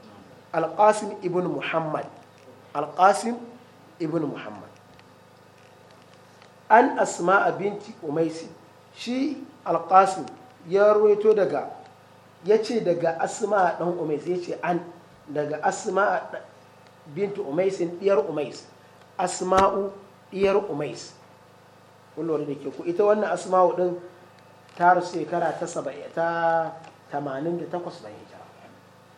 alƙasim ibn muhammad alƙasim ibn muhammad an asma binti umaisi shi alƙasim ya ruwaito daga ya ce daga asma ɗan umaisi ya ce an daga asma bintu umaisin diyar umais asma'u diyar umais kullum da ke ku ita wannan asma'u din ta shekara ta 70 ta 88 bayan hijira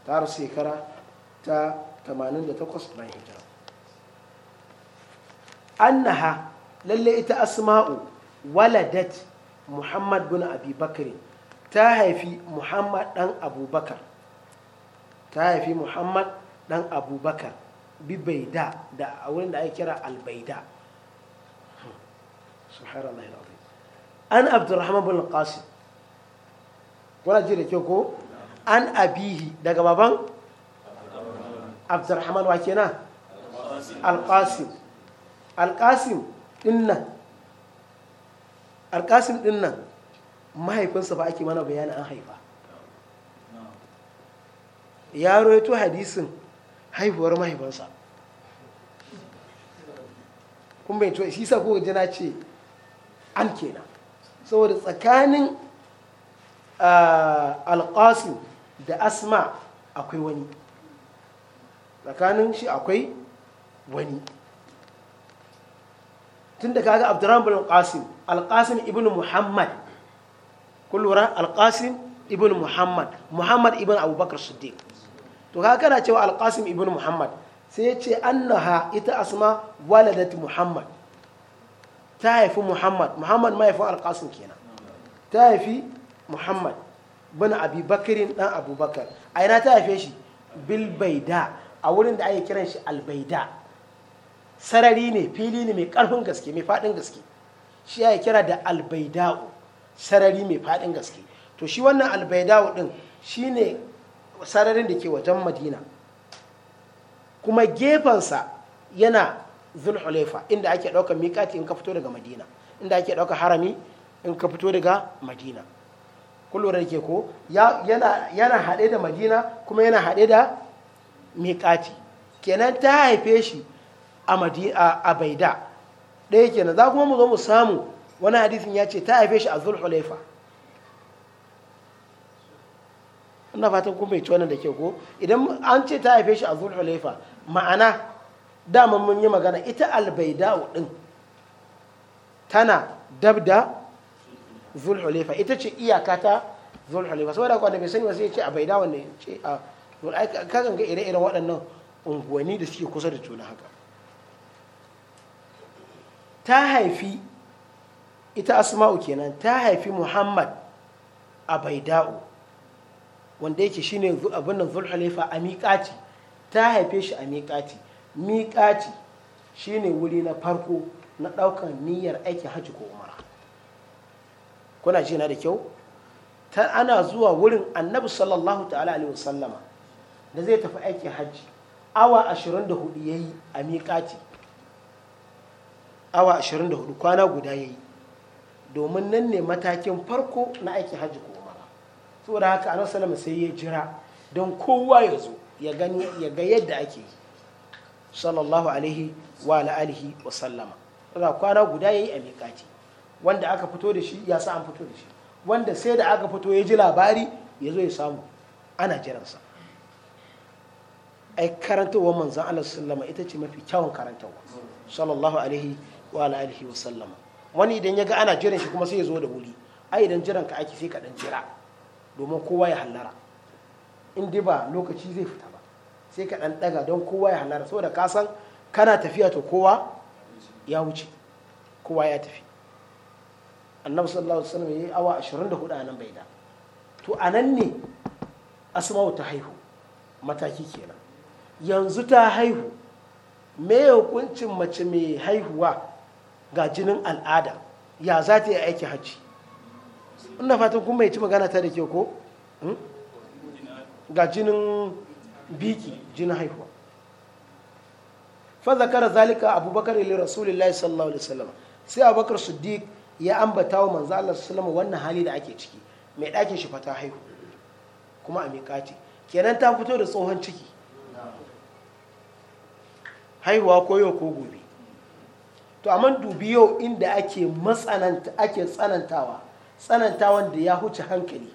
ta rasu shekara ta 88 bayan hijira annaha lalle ita asma'u waladat muhammad bin abi bakr ta haifi muhammad dan abubakar ta haifi muhammad dan abubakar bibaida da a wurin da ake kira albaida an abdurrahman bin qasim kuna ji da kyau ko an abihi daga baban abdurrahman wa kenan alqasim alqasim dinnan alqasim dinnan mahaifinsa ba ake mana bayanin an haifa ya roito hadisin haihuwar mahaifinsa kun bai tuwa shi sa ko jina ce an kenan saboda tsakanin alƙasu da asma akwai wani tsakanin shi akwai wani tun da kaga abdurrahman bin alƙasim ibn muhammad kullura alƙasin alƙasim ibn muhammad muhammad ibn abubakar suddin to ka kana cewa alƙasim ibn muhammad sai ya ce annaha ita asma waladat muhammad ta haifi muhammad muhammad mahaifin alƙasim kenan ta haifi muhammad bin abi bakirin dan abubakar a yana ta haife shi bilbaida a wurin da ake kiran shi albaida sarari ne fili ne mai ƙarfin gaske mai faɗin gaske shi ya kira da albaida'u sarari mai faɗin gaske to shi wannan albaida'u ɗin shi ne sararin da ke wajen madina kuma gefensa yana zulhulaifa inda ake ɗaukar mikati in ka fito daga madina inda ake ɗaukar harami in ka fito daga madina kullum da ke ko yana haɗe da madina kuma yana haɗe da mikati kenan ta haife shi a baida ɗaya kenan za kuma mu zo mu samu wani hadisin ya ce ta haife shi a zulhulaifa ina fatan ku bai wannan da ke ko idan an ce ta haife shi a laifa ma'ana dama mun yi magana ita albaida'u din tana dab da laifa ita ce iyaka ta laifa saboda da kwanabai sani ba sai ya ce a baida wanda ya ce a ka ga ire-iren waɗannan unguwanni da suke kusa da juna haka ta haifi ita asma'u kenan ta haifi muhammad a baida'u wanda yake shine abin nan zulhulaifa a miƙaci ta haife shi a miƙaci miƙaci shine wuri na farko na ɗaukar niyyar aikin hajji ko umara kuna ji na da kyau ta ana zuwa wurin annabi sallallahu ta'ala alaihi wasallama da zai tafi aikin hajji awa 24 yayi a miƙaci awa 24 kwana guda yayi domin nan ne matakin farko na aikin hajji ko saboda haka anan salama sai ya jira don kowa ya zo ya gani ya ga yadda ake yi sallallahu alaihi wa alihi wa sallama daga kwana guda yayi a miƙati wanda aka fito da shi ya sa an fito da shi wanda sai da aka fito ya ji labari ya zo ya samu ana jiransa ai karantawa manzan Allah sallama ita ce mafi kyawun karantawa sallallahu alaihi wa alihi wa sallama wani idan ya ga ana jiran shi kuma sai ya zo da wuri ai idan jiran ka ake sai ka dan jira domin kowa ya hallara in ba lokaci zai fita ba sai ka ɗan ɗaga don kowa ya hallara saboda ka san kana tafiya to kowa ya wuce kowa ya tafi annabi sallallahu alaihi wasallam yayi awa 24 a nan bai da to anan nan ne asma'u ta haihu mataki kenan yanzu ta haihu me hukuncin mace mai haihuwa ga jinin al'ada ya za ta yi aiki hajji ina fatan kuma ya ci magana ta da ke ko hmm? ga jinin biki jinin haihuwa fa zakara zalika abubakar li rasulillahi sallallahu alaihi wasallam sai abubakar siddiq ya ambata wa manzo Allah sallallahu alaihi wannan hali da ake ciki mai ɗakin shi fata haihu kuma a miƙati kenan ta fito da tsohon ciki haihuwa ko yau ko gobe to amma dubi yau inda ake matsananta ake tsanantawa tsananta wanda ya huce hankali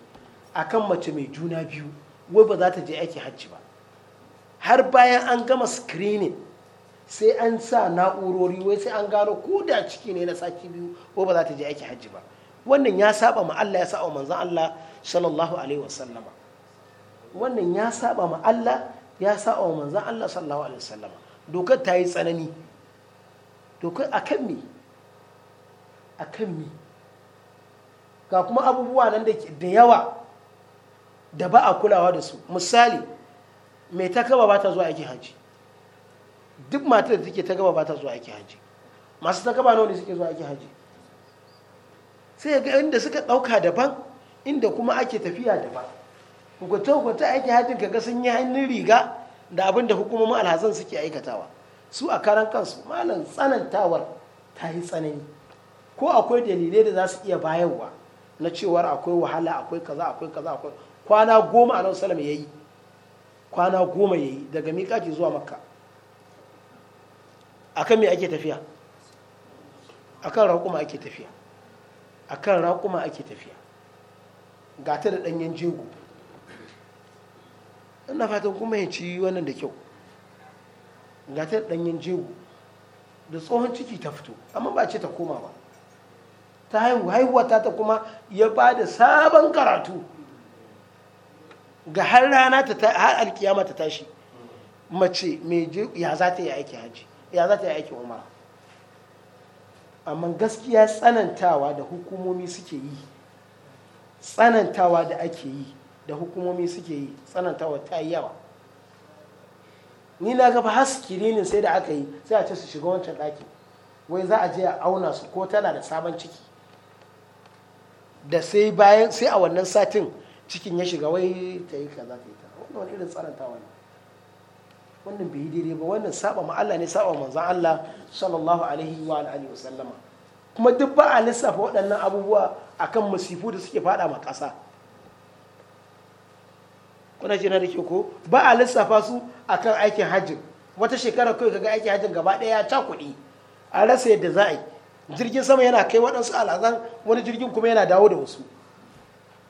a kan mace mai juna biyu wai ba za ta je aiki hajji ba har bayan an gama screening sai an sa na'urori wai sai an gano ko da ciki ne na saki biyu wai ba za ta je aiki hajji ba wannan ya saba ma Allah ya saba manzon Allah sallallahu alaihi wasallama wannan ya saba ma Allah ya saba wa manzon Allah sallallahu alaihi wasallama dokar ta yi tsanani dokar akan me akan me ga kuma abubuwa nan da yawa da ba a kulawa da su misali mai ta gaba ba ta zuwa ake hajji duk matar da take ta gaba ba ta zuwa ake hajji masu ta gaba ne suke zuwa ake hajji sai ga inda suka ɗauka daban inda kuma ake tafiya daban hukunta hukunta ake hajji ga sun yi hannun riga da abin da hukumomin alhazan suke aikatawa su a karan kansu malam tsanantawar ta yi tsanani ko akwai dalilai da za su iya bayarwa na cewar akwai wahala akwai kaza akwai kaza akwai kwana goma a nan salam ya yi kwana goma ya yi daga ke zuwa makka akan me ake tafiya akan raƙuma ake tafiya kan raƙuma ake tafiya ga ta da ɗanyen jego ina fatan kuma ya ci wannan da kyau ga ta da ɗanyen jego da tsohon ciki ta fito amma ba ce ta koma ba ta haihu haihuwa ta kuma ya ba da sabon karatu ga har rana ta har alkiyama ta tashi mace mai ya za ta yi aiki haji ya za ta yi aiki umara amma gaskiya tsanantawa da hukumomi suke yi tsanantawa da ake yi da hukumomi suke yi tsanantawa ta yi yawa ni na gaba haski rinin sai da aka yi sai a ce su shiga wancan ɗaki wai za a je a auna su ko tana da sabon ciki da sai bayan sai a wannan satin cikin ya shiga wai ta yi kaza ta yi ta wannan wani irin tsanantawa wani wannan bai yi daidai ba wannan saba ma Allah ne saba manzon Allah sallallahu alaihi wa alihi wa sallama kuma duk ba a lissafa waɗannan abubuwa akan masifu da suke fada ma ƙasa kuna jina da ke ko ba a lissafa su akan aikin hajji wata shekara kawai kaga aikin hajji gaba ɗaya ya cakuɗi a rasa yadda za a yi jirgin sama yana kai waɗansu alazan wani jirgin kuma yana dawo da wasu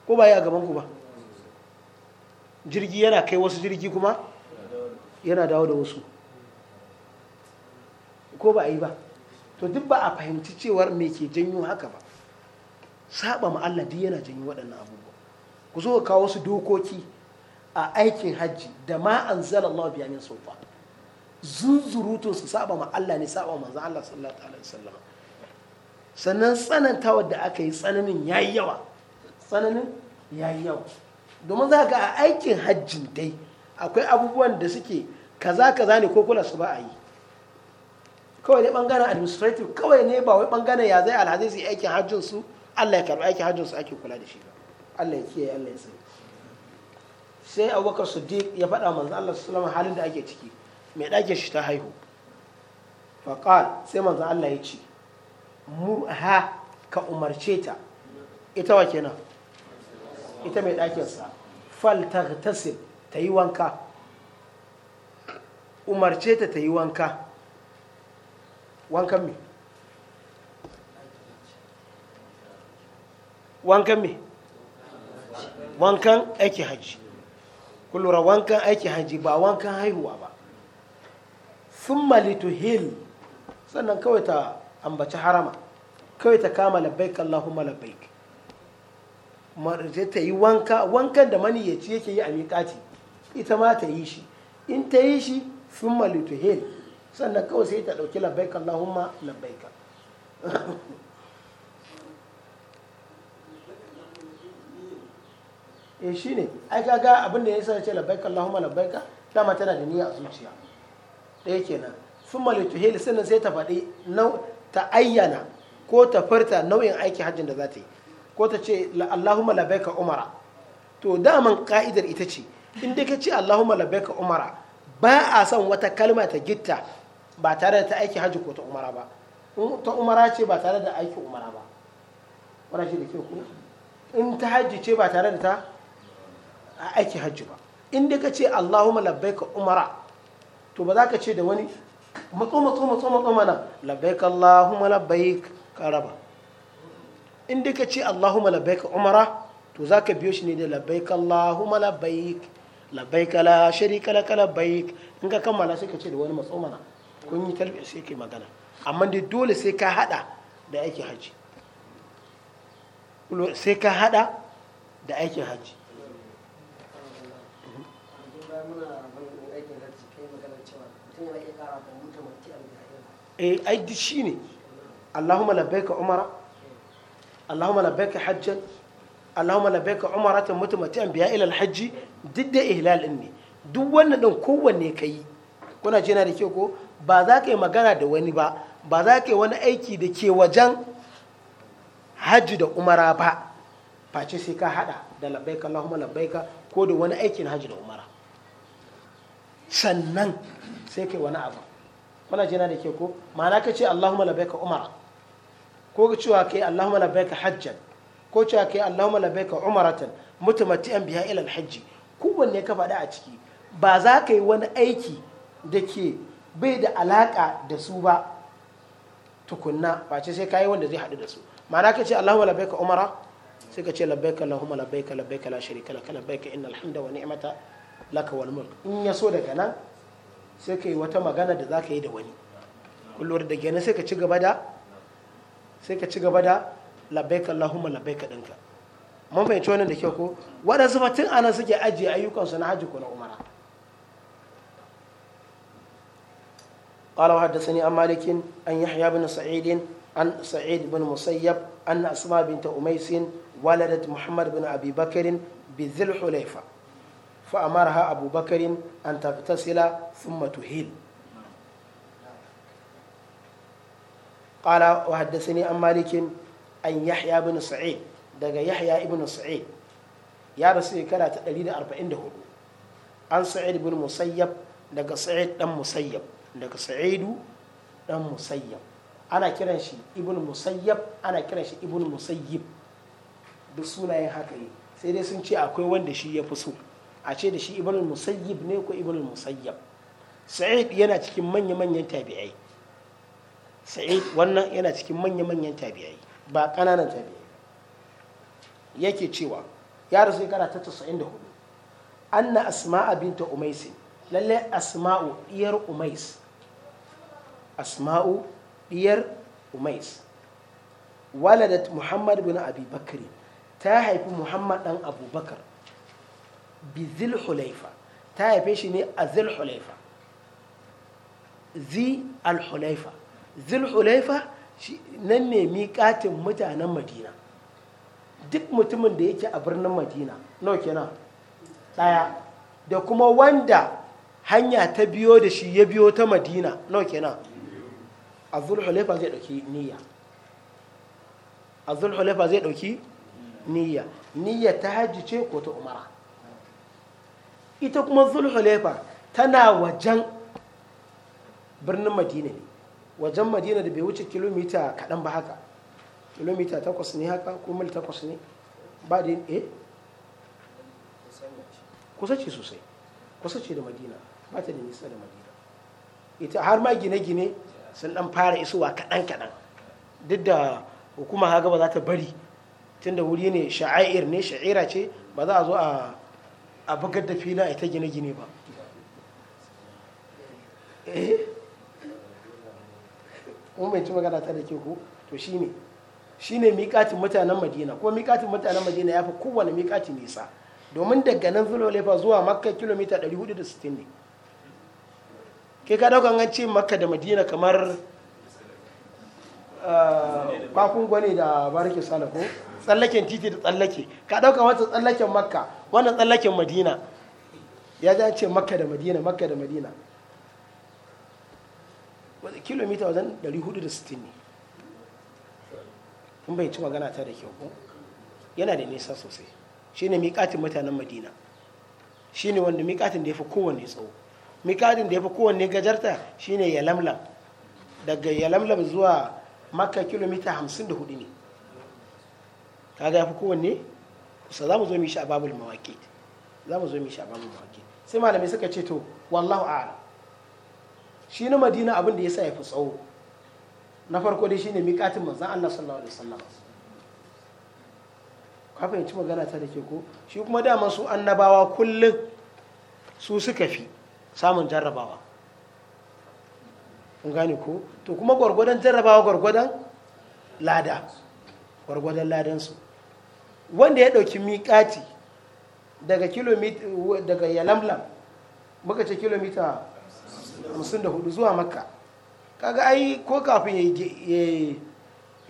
ko ba yi a gaban ku ba jirgi yana kai wasu jirgi kuma yana dawo da wasu ko ba a yi ba to duk ba a fahimci cewar me ke janyo haka ba saba ma Allah duk yana janyo waɗannan abubuwa ku zo kawo wasu dokoki a aikin hajji da ma anzala Allah biya min sulfa zunzurutun su saba ma Allah ne saba manzon Allah sallallahu alaihi wasallam sannan tsanantawar da aka yi tsananin ya yi yawa tsananin ya yi yawa domin za ga a aikin hajjin dai akwai abubuwan da suke kaza kaza ne ko kula su ba a yi kawai ne bangaren administrative kawai ne ba wai bangaren ya zai alhazai su yi aikin hajjin su Allah ya karɓi aikin hajjin su ake kula da shi ba Allah ya kiyaye Allah ya tsare sai Abubakar Siddiq ya faɗa manzo Allah su alaihi halin da ake ciki mai ɗakin shi ta haihu faƙal sai manzo Allah ya ce mu ha ka umarce ta ita wa kenan ita mai ɗakinsa fal taghtasil ta yi wanka umarce ta ta yi wanka wankan me wankan mi wankan aiki hajji kullura wankan aiki hajji ba wankan haihuwa ba sun hill sannan kawai ta ambaci harama kawai ta kama labbaik Allahumma labbaik marje ta yi wanka wankan da mani ci yake yi a miƙaci ita ma ta yi shi in ta yi shi sun malitu hel sannan kawai sai ta ɗauki labbaik Allahumma labbaik [LAUGHS] e eh, shi ne ai kaga abin da ya sa ce labbaik Allahumma labbaik dama tana da niyya a zuciya ɗaya kenan sun malitu hel sannan sai ta faɗi ta ayyana ko ta furta nau'in aiki hajjin da za ta yi ko ta ce Allahumma ka umara to daman ka'idar ita ce in ka ce Allahumma ka umara ba a son wata kalma ta gitta ba tare da ta aiki hajji ko ta umara ba ta umara ce ba tare da aiki umara ba wadda shi da ke ku in ta hajji ce ba tare da ta aiki hajji ba in ka ce Allahumma ka umara to ba za ka ce da wani matso matso matso matso mana labbaik allahumma labbaik ka raba in dai ka ce allahumma labbaik umara to zaka biyo shi ne da labbaik allahumma labbaik labbaik la sharika lak labbaik in ka kammala sai ka ce da wani matso mana kun yi talbiya sai kai magana amma dai dole sai ka hada da aikin haji sai ka hada da aikin haji muna eh ai duk ne. Allahumma labbaika umara Allahumma labbaika hajjan Allahumma labbaika umaratan mutumatiyan biya ila hajji. duk da ihlal ne duk wannan din kowanne kai kuna ji da ke ko ba za ka yi magana da wani ba ba za ka yi wani aiki da ke wajen hajji da umara ba face sai ka hada da labbaika Allahumma labbaika ko da wani aiki na hajji da umara sannan sai kai wani abu kuna jina da ke ko ma'ana ka ce Allahumma labbaika umara ko ka cewa kai Allahumma labbaika hajjan ko cewa kai Allahumma labbaika umaratan an biha ila Hajji, kowanne ka faɗi a ciki ba za ka yi wani aiki da ke bai da alaƙa da su ba tukunna ba ce sai ka yi wanda zai haɗu da su ma'ana ka ce Allahumma labbaika umara sai ka ce labbaika Allahumma labbaika labbaika la sharika lak labbaika innal hamda wa ni'mata laka wal mulk in ya so daga nan sai ka yi wata magana da za ka yi da wani kullum da gani sai ka ci gaba da sai ka ci gaba da labbaika Allahumma labbaika dinka mun fahimci wannan da kyau ko waɗansu fa tun anan suke ajiye ayyukansu na hajji ko na umara قال وحدثني عن مالك عن يحيى بن سعيد عن سعيد بن مسيب أن أسماء بنت أميس ولدت محمد بن أبي بكر بذي الحليفة fa ha abubakarin an tafita sila sun matuhil. ƙala wa haddasa ne an malikin an bin sa'e daga yahya ibn sa'e ya da su yi kara ta 144 an sa'e bin musayyab daga sa'e dan musayyab daga sa'e du dan ana kiran shi ibn musayyab ana kiran shi ibin musayyab duk sunayen haka yi sai dai sun ce akwai wanda shi ya fi so a ce da shi ibn musayyib ne ko ibn musayyab sa'id yana cikin manya-manyan tabi'ai sa'id wannan yana cikin manya-manyan tabi'ai ba ƙananan tabi'ai yake cewa ya rasu shekara ta 94 anna asma'a binta umais lalle asma'u diyar umais asma'u diyar umais waladat muhammad bin abi bakri ta haifi muhammad dan abubakar Bizil hulaifa ta haife shi ne a zil hulaifa zi al hulaifa zil hulaifa nan ne miƙatin mutanen madina duk mutumin da yake a birnin madina nawa kenan ɗaya da kuma wanda hanya ta biyo da shi ya biyo ta madina nawa kenan a Zil hulaifa zai ɗauki niyya a Zil hulaifa zai ɗauki niyya niyya ta hajji ce ko ta umara ita kuma zulhulefa tana wajen birnin madina ne wajen madina da bai wuce kilomita kaɗan ba haka kilomita takwas ne haka ko mil takwas ne ba da eh kusa ce sosai kusa ce da madina ba ta da nisa da madina ita har ma gine-gine sun dan fara isuwa kaɗan-kaɗan duk da hukuma haka ba za ta bari tunda wuri ne sha'air ne sha'ira ce ba za a zo a a bugar da fila ita gine-gine ba eh kuma mai ci magana ta da ke ku to shi ne shi ne miƙatin mutanen madina ko miƙatin mutanen madina ya fi kowane miƙatin nisa domin daga nan lefa zuwa makka kilomita 460 ne ke ka daukan an ce makka da madina kamar bakun gwani da barke sala tsallaken titi da tsallake ka dauka wata tsallaken makka wannan tsallaken madina ya ja ce makka da madina makka da madina kilomita wajen 460 ne in bai ci magana ta da kyau ko yana da nisa sosai shi ne miƙatin mutanen madina shi ne wanda miƙatin da ya fi kowanne tsawo miƙatin da ya fi kowanne gajarta shi ne yalamlam daga yalamlam zuwa makka kilomita hamsin da hudu ne kaga ya fi kowanne kusa za mu zo mishi a babul mawaki za mu zo mishi a babul mawaki sai malamai suka ce to wallahu a'lam shi ne madina abin da ya sa ya fi tsawo na farko dai shine miƙatin manzan Allah sallallahu alaihi wasallam ka fahimci magana ta da ke ko shi kuma daman su annabawa kullum su suka fi samun jarrabawa kun gane ko to kuma gwargwadon jarrabawa gwargwadon lada gwargwadon ladansu wanda ya ɗauki miƙati daga kilomita daga yalamlam muka ce kilomita 54 zuwa makka kaga ai ko kafin ya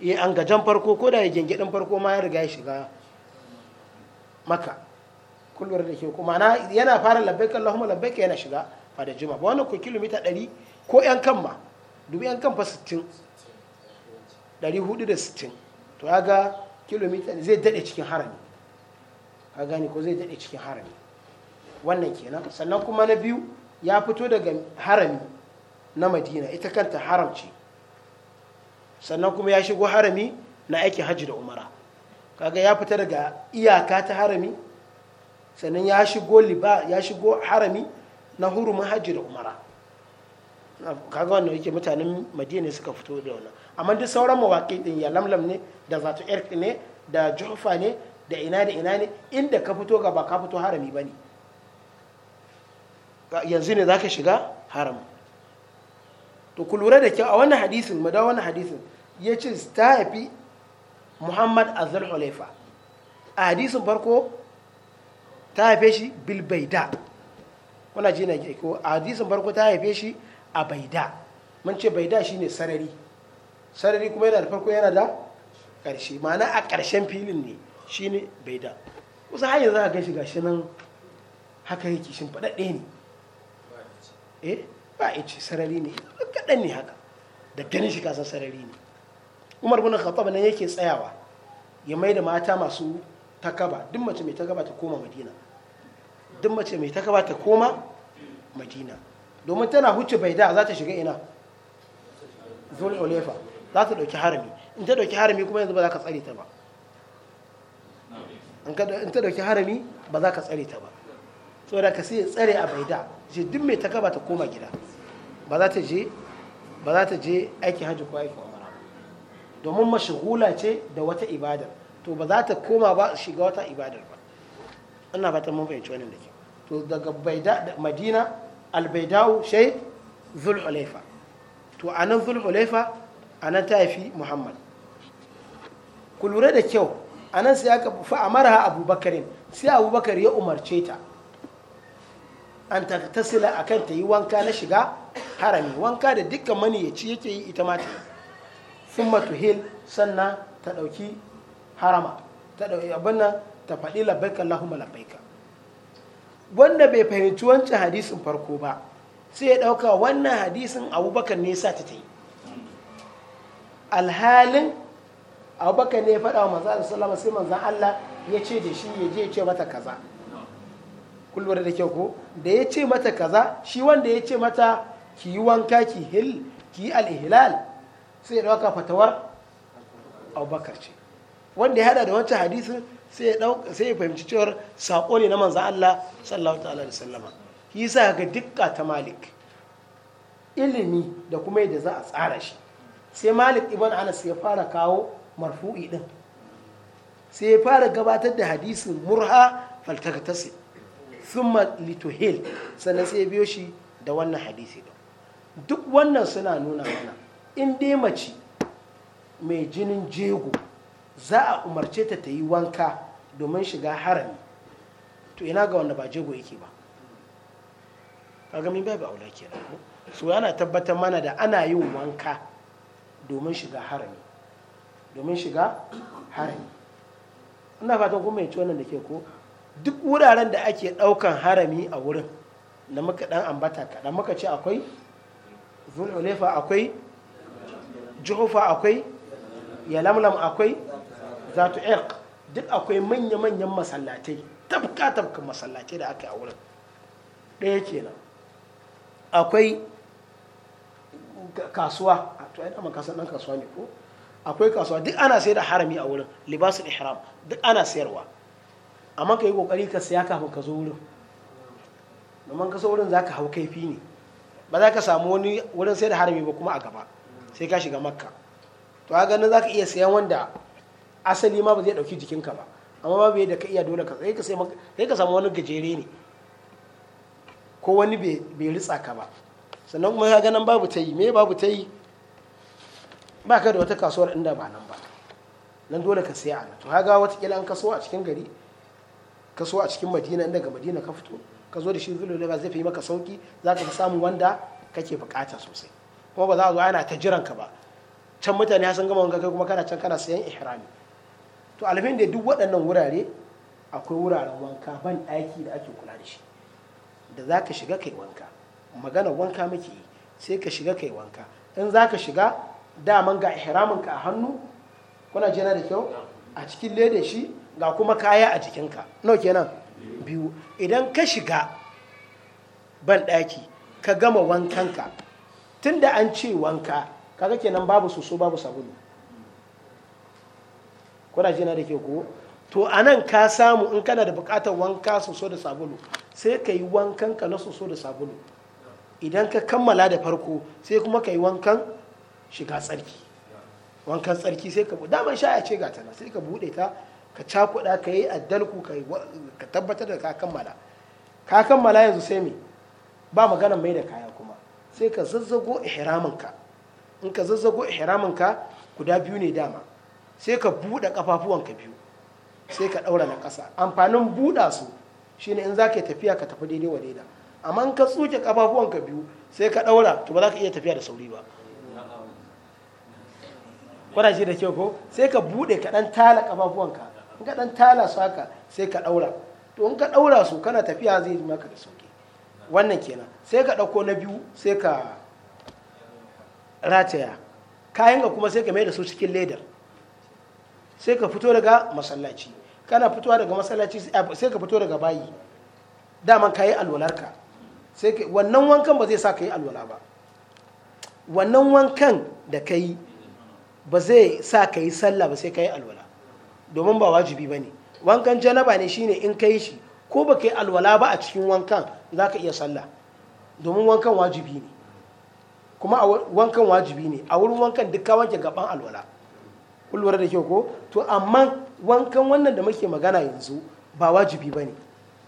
yi gajen farko ko da ya gengedin farko ma ya riga ya shiga makka kullum da ke kuma yana fara labbaikan allahumma labbaikan yana shiga fada juma ba wani ko kilomita 100 ko 'yan kan ma dubu 'yan kan fa 60 460 to ya ga kilomita zai daɗe cikin harami ka gani ko zai daɗe cikin harami wannan kenan sannan kuma na biyu ya fito daga harami na madina ita kanta haram ce sannan kuma ya shigo harami na aikin hajji da umara kaga ya fita daga iyaka ta harami sannan ya shigo liba ya shigo harami na hurumin hajji da umara kaga wannan yake mutanen madina suka fito da wannan amma duk sauran mawaƙi din ya lamlam ne da zato irk ne da jufa ne da ina da ina ne inda ka fito gaba ka fito harami ba ne yanzu ne za ka shiga haram to ku lura da kyau a wannan hadisin ma da wannan hadisin ya ce ta haifi muhammad azal hulaifa a hadisin farko ta haife shi bilbaida kuna ji na ko a hadisin farko ta haife shi a baida mun ce baida shine sarari sarari kuma yana da farko yana da ƙarshe ma'ana a ƙarshen filin ne shine baida kusa har yanzu aka shi gashi nan haka yake shi faɗaɗɗe ne eh ba a ce sarari ne kaɗan ne haka da ganin shi kasan sarari ne umar bin khattab nan yake tsayawa ya mai da mata masu takaba duk mace mai takaba ta koma madina duk mace mai takaba ta koma madina domin tana huce bai da za ta shiga ina zul olefa za ta ɗauki harami in ta ɗauki harami kuma yanzu ba za ka tsare ta ba in ta ɗauki harami ba za ka tsare ta ba So da ka sai tsare a bai da je duk mai ta gaba ta koma gida ba za ta je ba za ta je aikin hajji ko aikin mara domin mashigula ce da wata ibadar to ba za ta koma ba shiga wata ibadar ba ina fatan mun fahimci wannan da ke to daga bai da madina albaidawu shai zulhulaifa to a nan zulhulaifa a nan ta haifi muhammad ku lura da kyau a nan sai aka fa amara abubakarin sai abubakar ya umarce ta an tasila a kan ta yi wanka na shiga harami wanka da dukkan maniyaci yake yi ita mata sun hil sannan ta ɗauki harama ta ɗauki abin nan ta faɗi labbaika Allahumma labbaika wanda bai fahimci wancan hadisin farko ba sai ya ɗauka wannan hadisin abubakar ne sa ta yi alhalin abubakar ne ya faɗa wa manzan salama sai manzan Allah ya ce da shi ya je ya ce mata kaza kullum da kyau ko da ya ce mata kaza shi wanda ya ce mata ki yi wanka ki hil ki al'ihilal sai ya ɗauka fatawar abubakar ce wanda ya hada da wancan hadisin sai ya fahimci cewar saƙo ne na manza Allah sallallahu ta'ala da sallama yi sa ga dukka ta malik ilimi da kuma yadda za a tsara shi sai malik ibn anas ya fara kawo marfu'i din sai ya fara gabatar da hadisin murha faltakatasi thumma lituhil sannan sai ya biyo shi da wannan hadisi din duk wannan suna nuna mana in dai mace mai jinin jego za a umarce ta ta yi wanka domin shiga harami to ina ga wanda ba jego yake ba a gami bai ba aula kenan so yana tabbatar mana da ana yin wanka domin shiga harami domin shiga harami ina fatan kuma ya ci wannan da ke ko duk wuraren da ake ɗaukan harami a wurin na muka ɗan ambata kaɗan muka ce akwai zulhulefa akwai juhufa akwai yalamlam akwai zato irq duk akwai manya-manyan masallatai tafka-tafka masallatai da aka yi a wurin ɗaya kenan akwai kasuwa a tuwa ai makasar ɗan kasuwa ne ko akwai kasuwa duk ana sayar da harami a wurin libasin ihram duk ana sayarwa amma ka yi kokari ka saya kafin ka zo wurin domin ka zo wurin za ka hau kaifi ne ba za ka samu wani wurin sayar da harami ba kuma a gaba sai ka shiga makka to a ganin za ka iya sayan wanda asali ma ba zai ɗauki jikinka ba amma babu yadda ka iya dole ka sai ka samu wani gajere ne ko wani bai ritsa ka ba sannan kuma ga nan babu ta yi me babu ta yi ba ka da wata kasuwar inda ba nan ba nan dole ka sai a nan to haga kila an kaso a cikin gari kaso a cikin madina inda ga madina ka fito ka zo da shi zulu ba zai fi maka sauki za ka samu wanda kake bukata sosai kuma ba za a zo ana ta jiran ka ba can mutane sun gama wanga kai kuma kana can kana sayan ihrami to alfin da duk waɗannan wurare akwai wuraren wanka ban ɗaki da ake kula da shi da za ka shiga kai wanka magana wanka muke yi sai ka shiga kai wanka in za ka shiga daman ga ka a hannu kuna jina da kyau a cikin leda shi ga kuma kaya a jikinka nau kenan biyu idan ka shiga ban ɗaki ka gama wankanka da an ce wanka kaga kenan babu soso babu sabulu kuna jina da ke ko to a nan ka samu in kana da bukatar wanka soso da sabulu sai ka yi wankan ka na soso da sabulu idan ka kammala da farko sai kuma ka yi wankan shiga tsarki wankan tsarki sai ka daman shaya ce ga tana sai ka buɗe ta ka cakuɗa ka yi addalku ka tabbatar da ka kammala ka kammala yanzu sai me ba magana mai da kaya kuma sai ka zazzago ihraminka in ka zazzago ihraminka guda biyu ne dama sai ka buɗe ƙafafuwanka biyu sai ka ɗaura na ƙasa amfanin buɗa su shine in za ka tafiya ka tafi daidai wa daida amma in ka tsuke ƙafafuwanka biyu sai ka ɗaura to ba za ka iya tafiya da sauri ba kuna shi da kyau ko sai ka buɗe ka ɗan tala ƙafafuwanka in ka ɗan tala su haka sai ka ɗaura to in ka ɗaura su kana tafiya zai yi maka da sauki wannan kenan sai ka ɗauko na biyu sai ka rataya kayan ka kuma sai ka mai da su cikin ledar sai ka fito daga masallaci kana fitowa daga masallaci sai ka fito daga bayi Dama ka yi alwalarka sai ka wannan wankan ba zai sa ka yi alwala ba wannan wankan da ka yi ba zai sa ka yi sallah ba sai ka yi alwala domin ba wajibi ba ne wankan janaba ne shine in ka yi shi ko ba ka yi alwala ba a cikin wankan za ka iya sallah domin wankan wajibi ne kuma wankan wajibi ne a wurin wankan duk ka wanke gaban alwala kulwar da kyau ko to amma wankan wannan da muke magana yanzu ba wajibi ba ne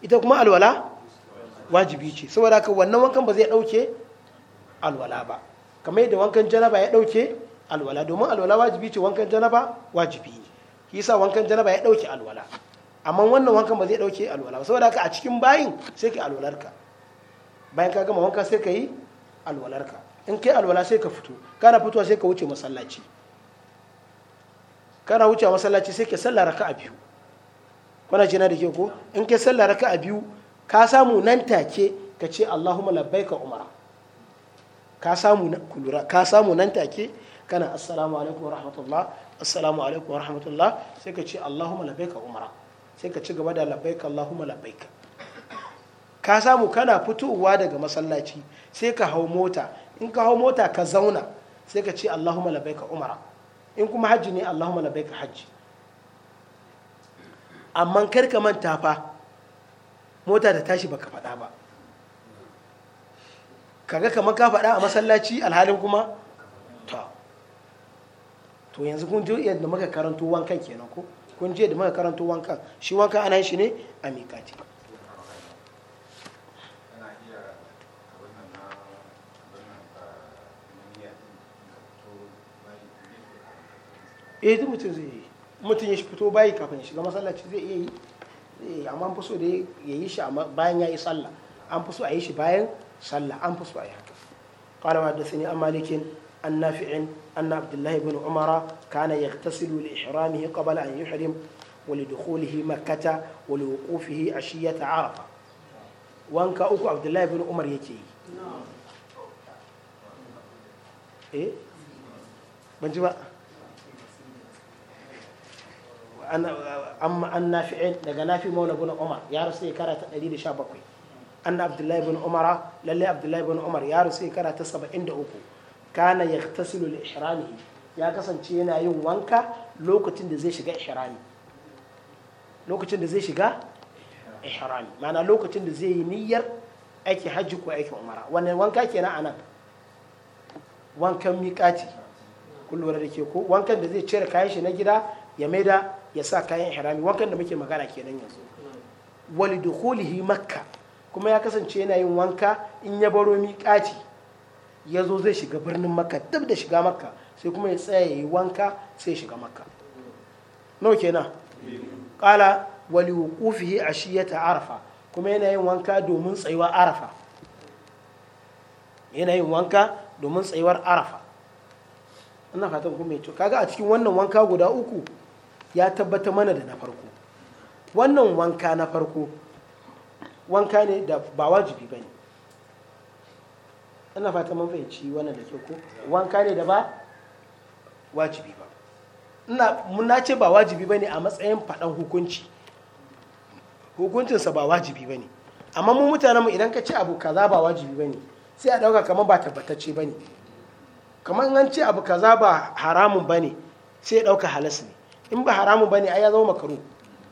ita kuma alwala wajibi ce saboda haka wannan wankan ba zai ɗauke alwala ba kamar yadda wankan janaba ya ɗauke alwala domin alwala wajibi ce wankan janaba wajibi ne shi yasa wankan janaba ya ɗauke alwala amma wannan wankan ba zai ɗauke alwala ba saboda haka a cikin bayin sai ka alwalarka bayan ka gama wanka sai ka yi alwalarka in kai alwala sai ka fito kana fitowa sai ka wuce masallaci kana wuce masallaci sai ke sallah raka'a biyu kuna jina da ke ko in ke sallah raka'a biyu ka samu nan take ka ce Allahumma labbaika umara ka samu kulura ka samu nan take kana assalamu alaikum warahmatullah assalamu alaikum warahmatullah sai ka ce Allahumma labbaika umara sai ka ci gaba da labbaika Allahumma labbaika ka samu kana fitowa daga masallaci sai ka hau mota in ka hau mota ka zauna sai ka ce Allahumma labbaika umara in kuma hajji ne allahumma ka hajji amma kar ka manta fa mota ta tashi baka faɗa ba kaga kamar ka faɗa a masallaci alhalin kuma ta to yanzu kun je da maka karanto wankan kenan ko kun je da maka karanto wankan shi wankan ana shi ne a miƙati eh duk mutum zai yi mutum ya fito bayi kafin ya shiga masallaci zai iya yi eh, amma fi so da ya yi shi bayan ya yi sallah an fi so a yi shi bayan sallah an fi so a yi haka an nafi'in daga nafi maula bin umar ya rasu shekara ta 117 an abdullahi bin umara lalle abdullahi bin umar ya rasu shekara ta 73 kana yaghtasilu da ishirani ya kasance yana yin wanka lokacin da zai shiga ishirani lokacin da zai shiga ishirani ma'ana lokacin da zai yi niyyar aiki hajji ko aiki umara wani wanka na anan wankan miƙati kullum da ke ko wankan da zai cire kayan shi na gida ya maida ya sa kayan rami wankan da muke magana kenan yanzu walidukulihi makka kuma ya kasance yana yin wanka in ya baro kaci ya zo zai shiga birnin makka duk da shiga makka sai kuma ya tsaya ya yi wanka sai shiga makka no kenan ƙala wali a shi arafa kuma yana yin wanka domin tsayuwar arafa yana yin wanka domin tsayuwar arafa ina fatan kuma ya kaga a cikin wannan wanka guda uku ya tabbata mana da na farko wannan wanka na farko wanka ne da ba wajibi ba ne ana fata mun fahimci wannan da ke ko wanka ne da ba wajibi ba ina mun ce ba wajibi ba ne a matsayin faɗan hukunci hukuncinsa ba wajibi ba ne amma mu mu idan ka ce abu kaza ba wajibi ba ne sai a ɗauka kamar ba tabbatacce ba ne kamar an ce abu kaza ba haramun ba ne sai ya ɗauka halas ne in ba haramun bane ai ya zama makaru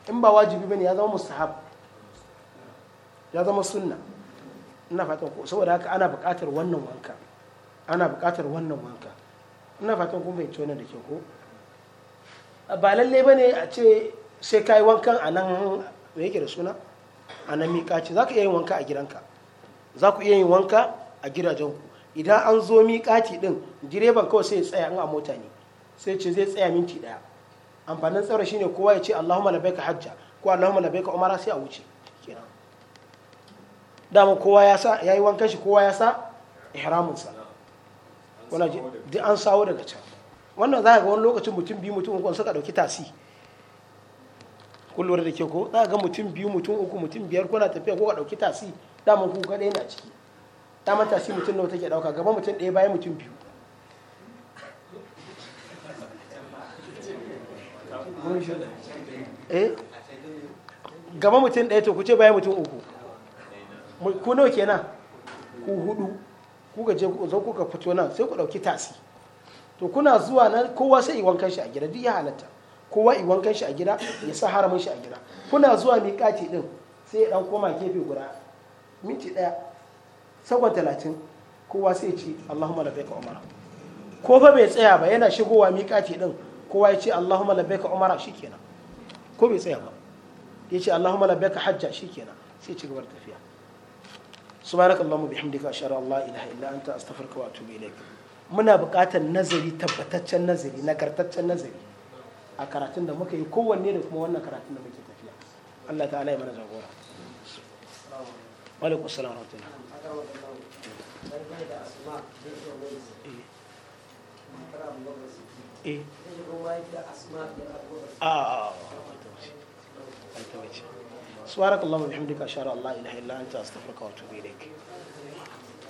in ba wajibi bane ya zama mustahab ya zama sunna ina fatan ko saboda haka ana buƙatar wannan wanka ana buƙatar wannan wanka ina fatan ku fahimci wannan da ke ko ba lalle bane a ce sai ka yi wankan a nan me yake da suna a nan miƙaci za ku iya yin wanka a gidanka za ku iya yin wanka a gidajenku idan an zo miƙaci ɗin direban kawai sai ya tsaya in a mota ne sai ce zai tsaya minti ɗaya amfanin tsaro shine kowa ya ce Allahumma labbaika hajja ko Allahumma labbaika umara sai a wuce kenan dama kowa ya sa yayi wankan shi kowa ya sa ihramun sa wala di an sawo daga can wannan za ga wani lokacin mutum biyu mutum uku suka dauki tasi kullum da ke ko za ga mutum biyu mutum uku mutum biyar kuna tafiya ko ka dauki tasi dama ku ga ɗaya na ciki dama tasi mutum nawa take dauka gaba mutum ɗaya bayan mutum biyu eh gaba mutum ɗaya to ku ce baya mutum uku ku nawa kenan ku hudu kuka je zo kuka fito nan sai ku ɗauki tasi to kuna zuwa nan kowa sai iwankan shi a gida duk ya halatta kowa iwankan shi a gida ya sa haramin shi a gida kuna zuwa kati ɗin sai ya ɗan koma gefe guda minti ɗaya sakon talatin kowa sai ce allahumma lafaika umara ko fa bai tsaya ba yana shigowa kati ɗin kowa ya ce Allahumma labbaika umara shikenan ko bai tsaya ba ya ce Allahumma labbaika hajja shikenan sai ci gaba da tafiya subhanakallahumma bihamdika ashhadu an la ilaha illa anta astaghfiruka wa atubu ilaik muna buƙatar nazari tabbataccen nazari nagartaccen nazari a karatun da muka yi kowanne da kuma wannan karatun da muke tafiya Allah ta'ala ya mana jagora alaikum assalam wa rahmatullah eh, eh. a an ta wace subhanakallahumma bihamdika ashhadu an la ilaha illa anta astaghfiruka wa atubu ilaik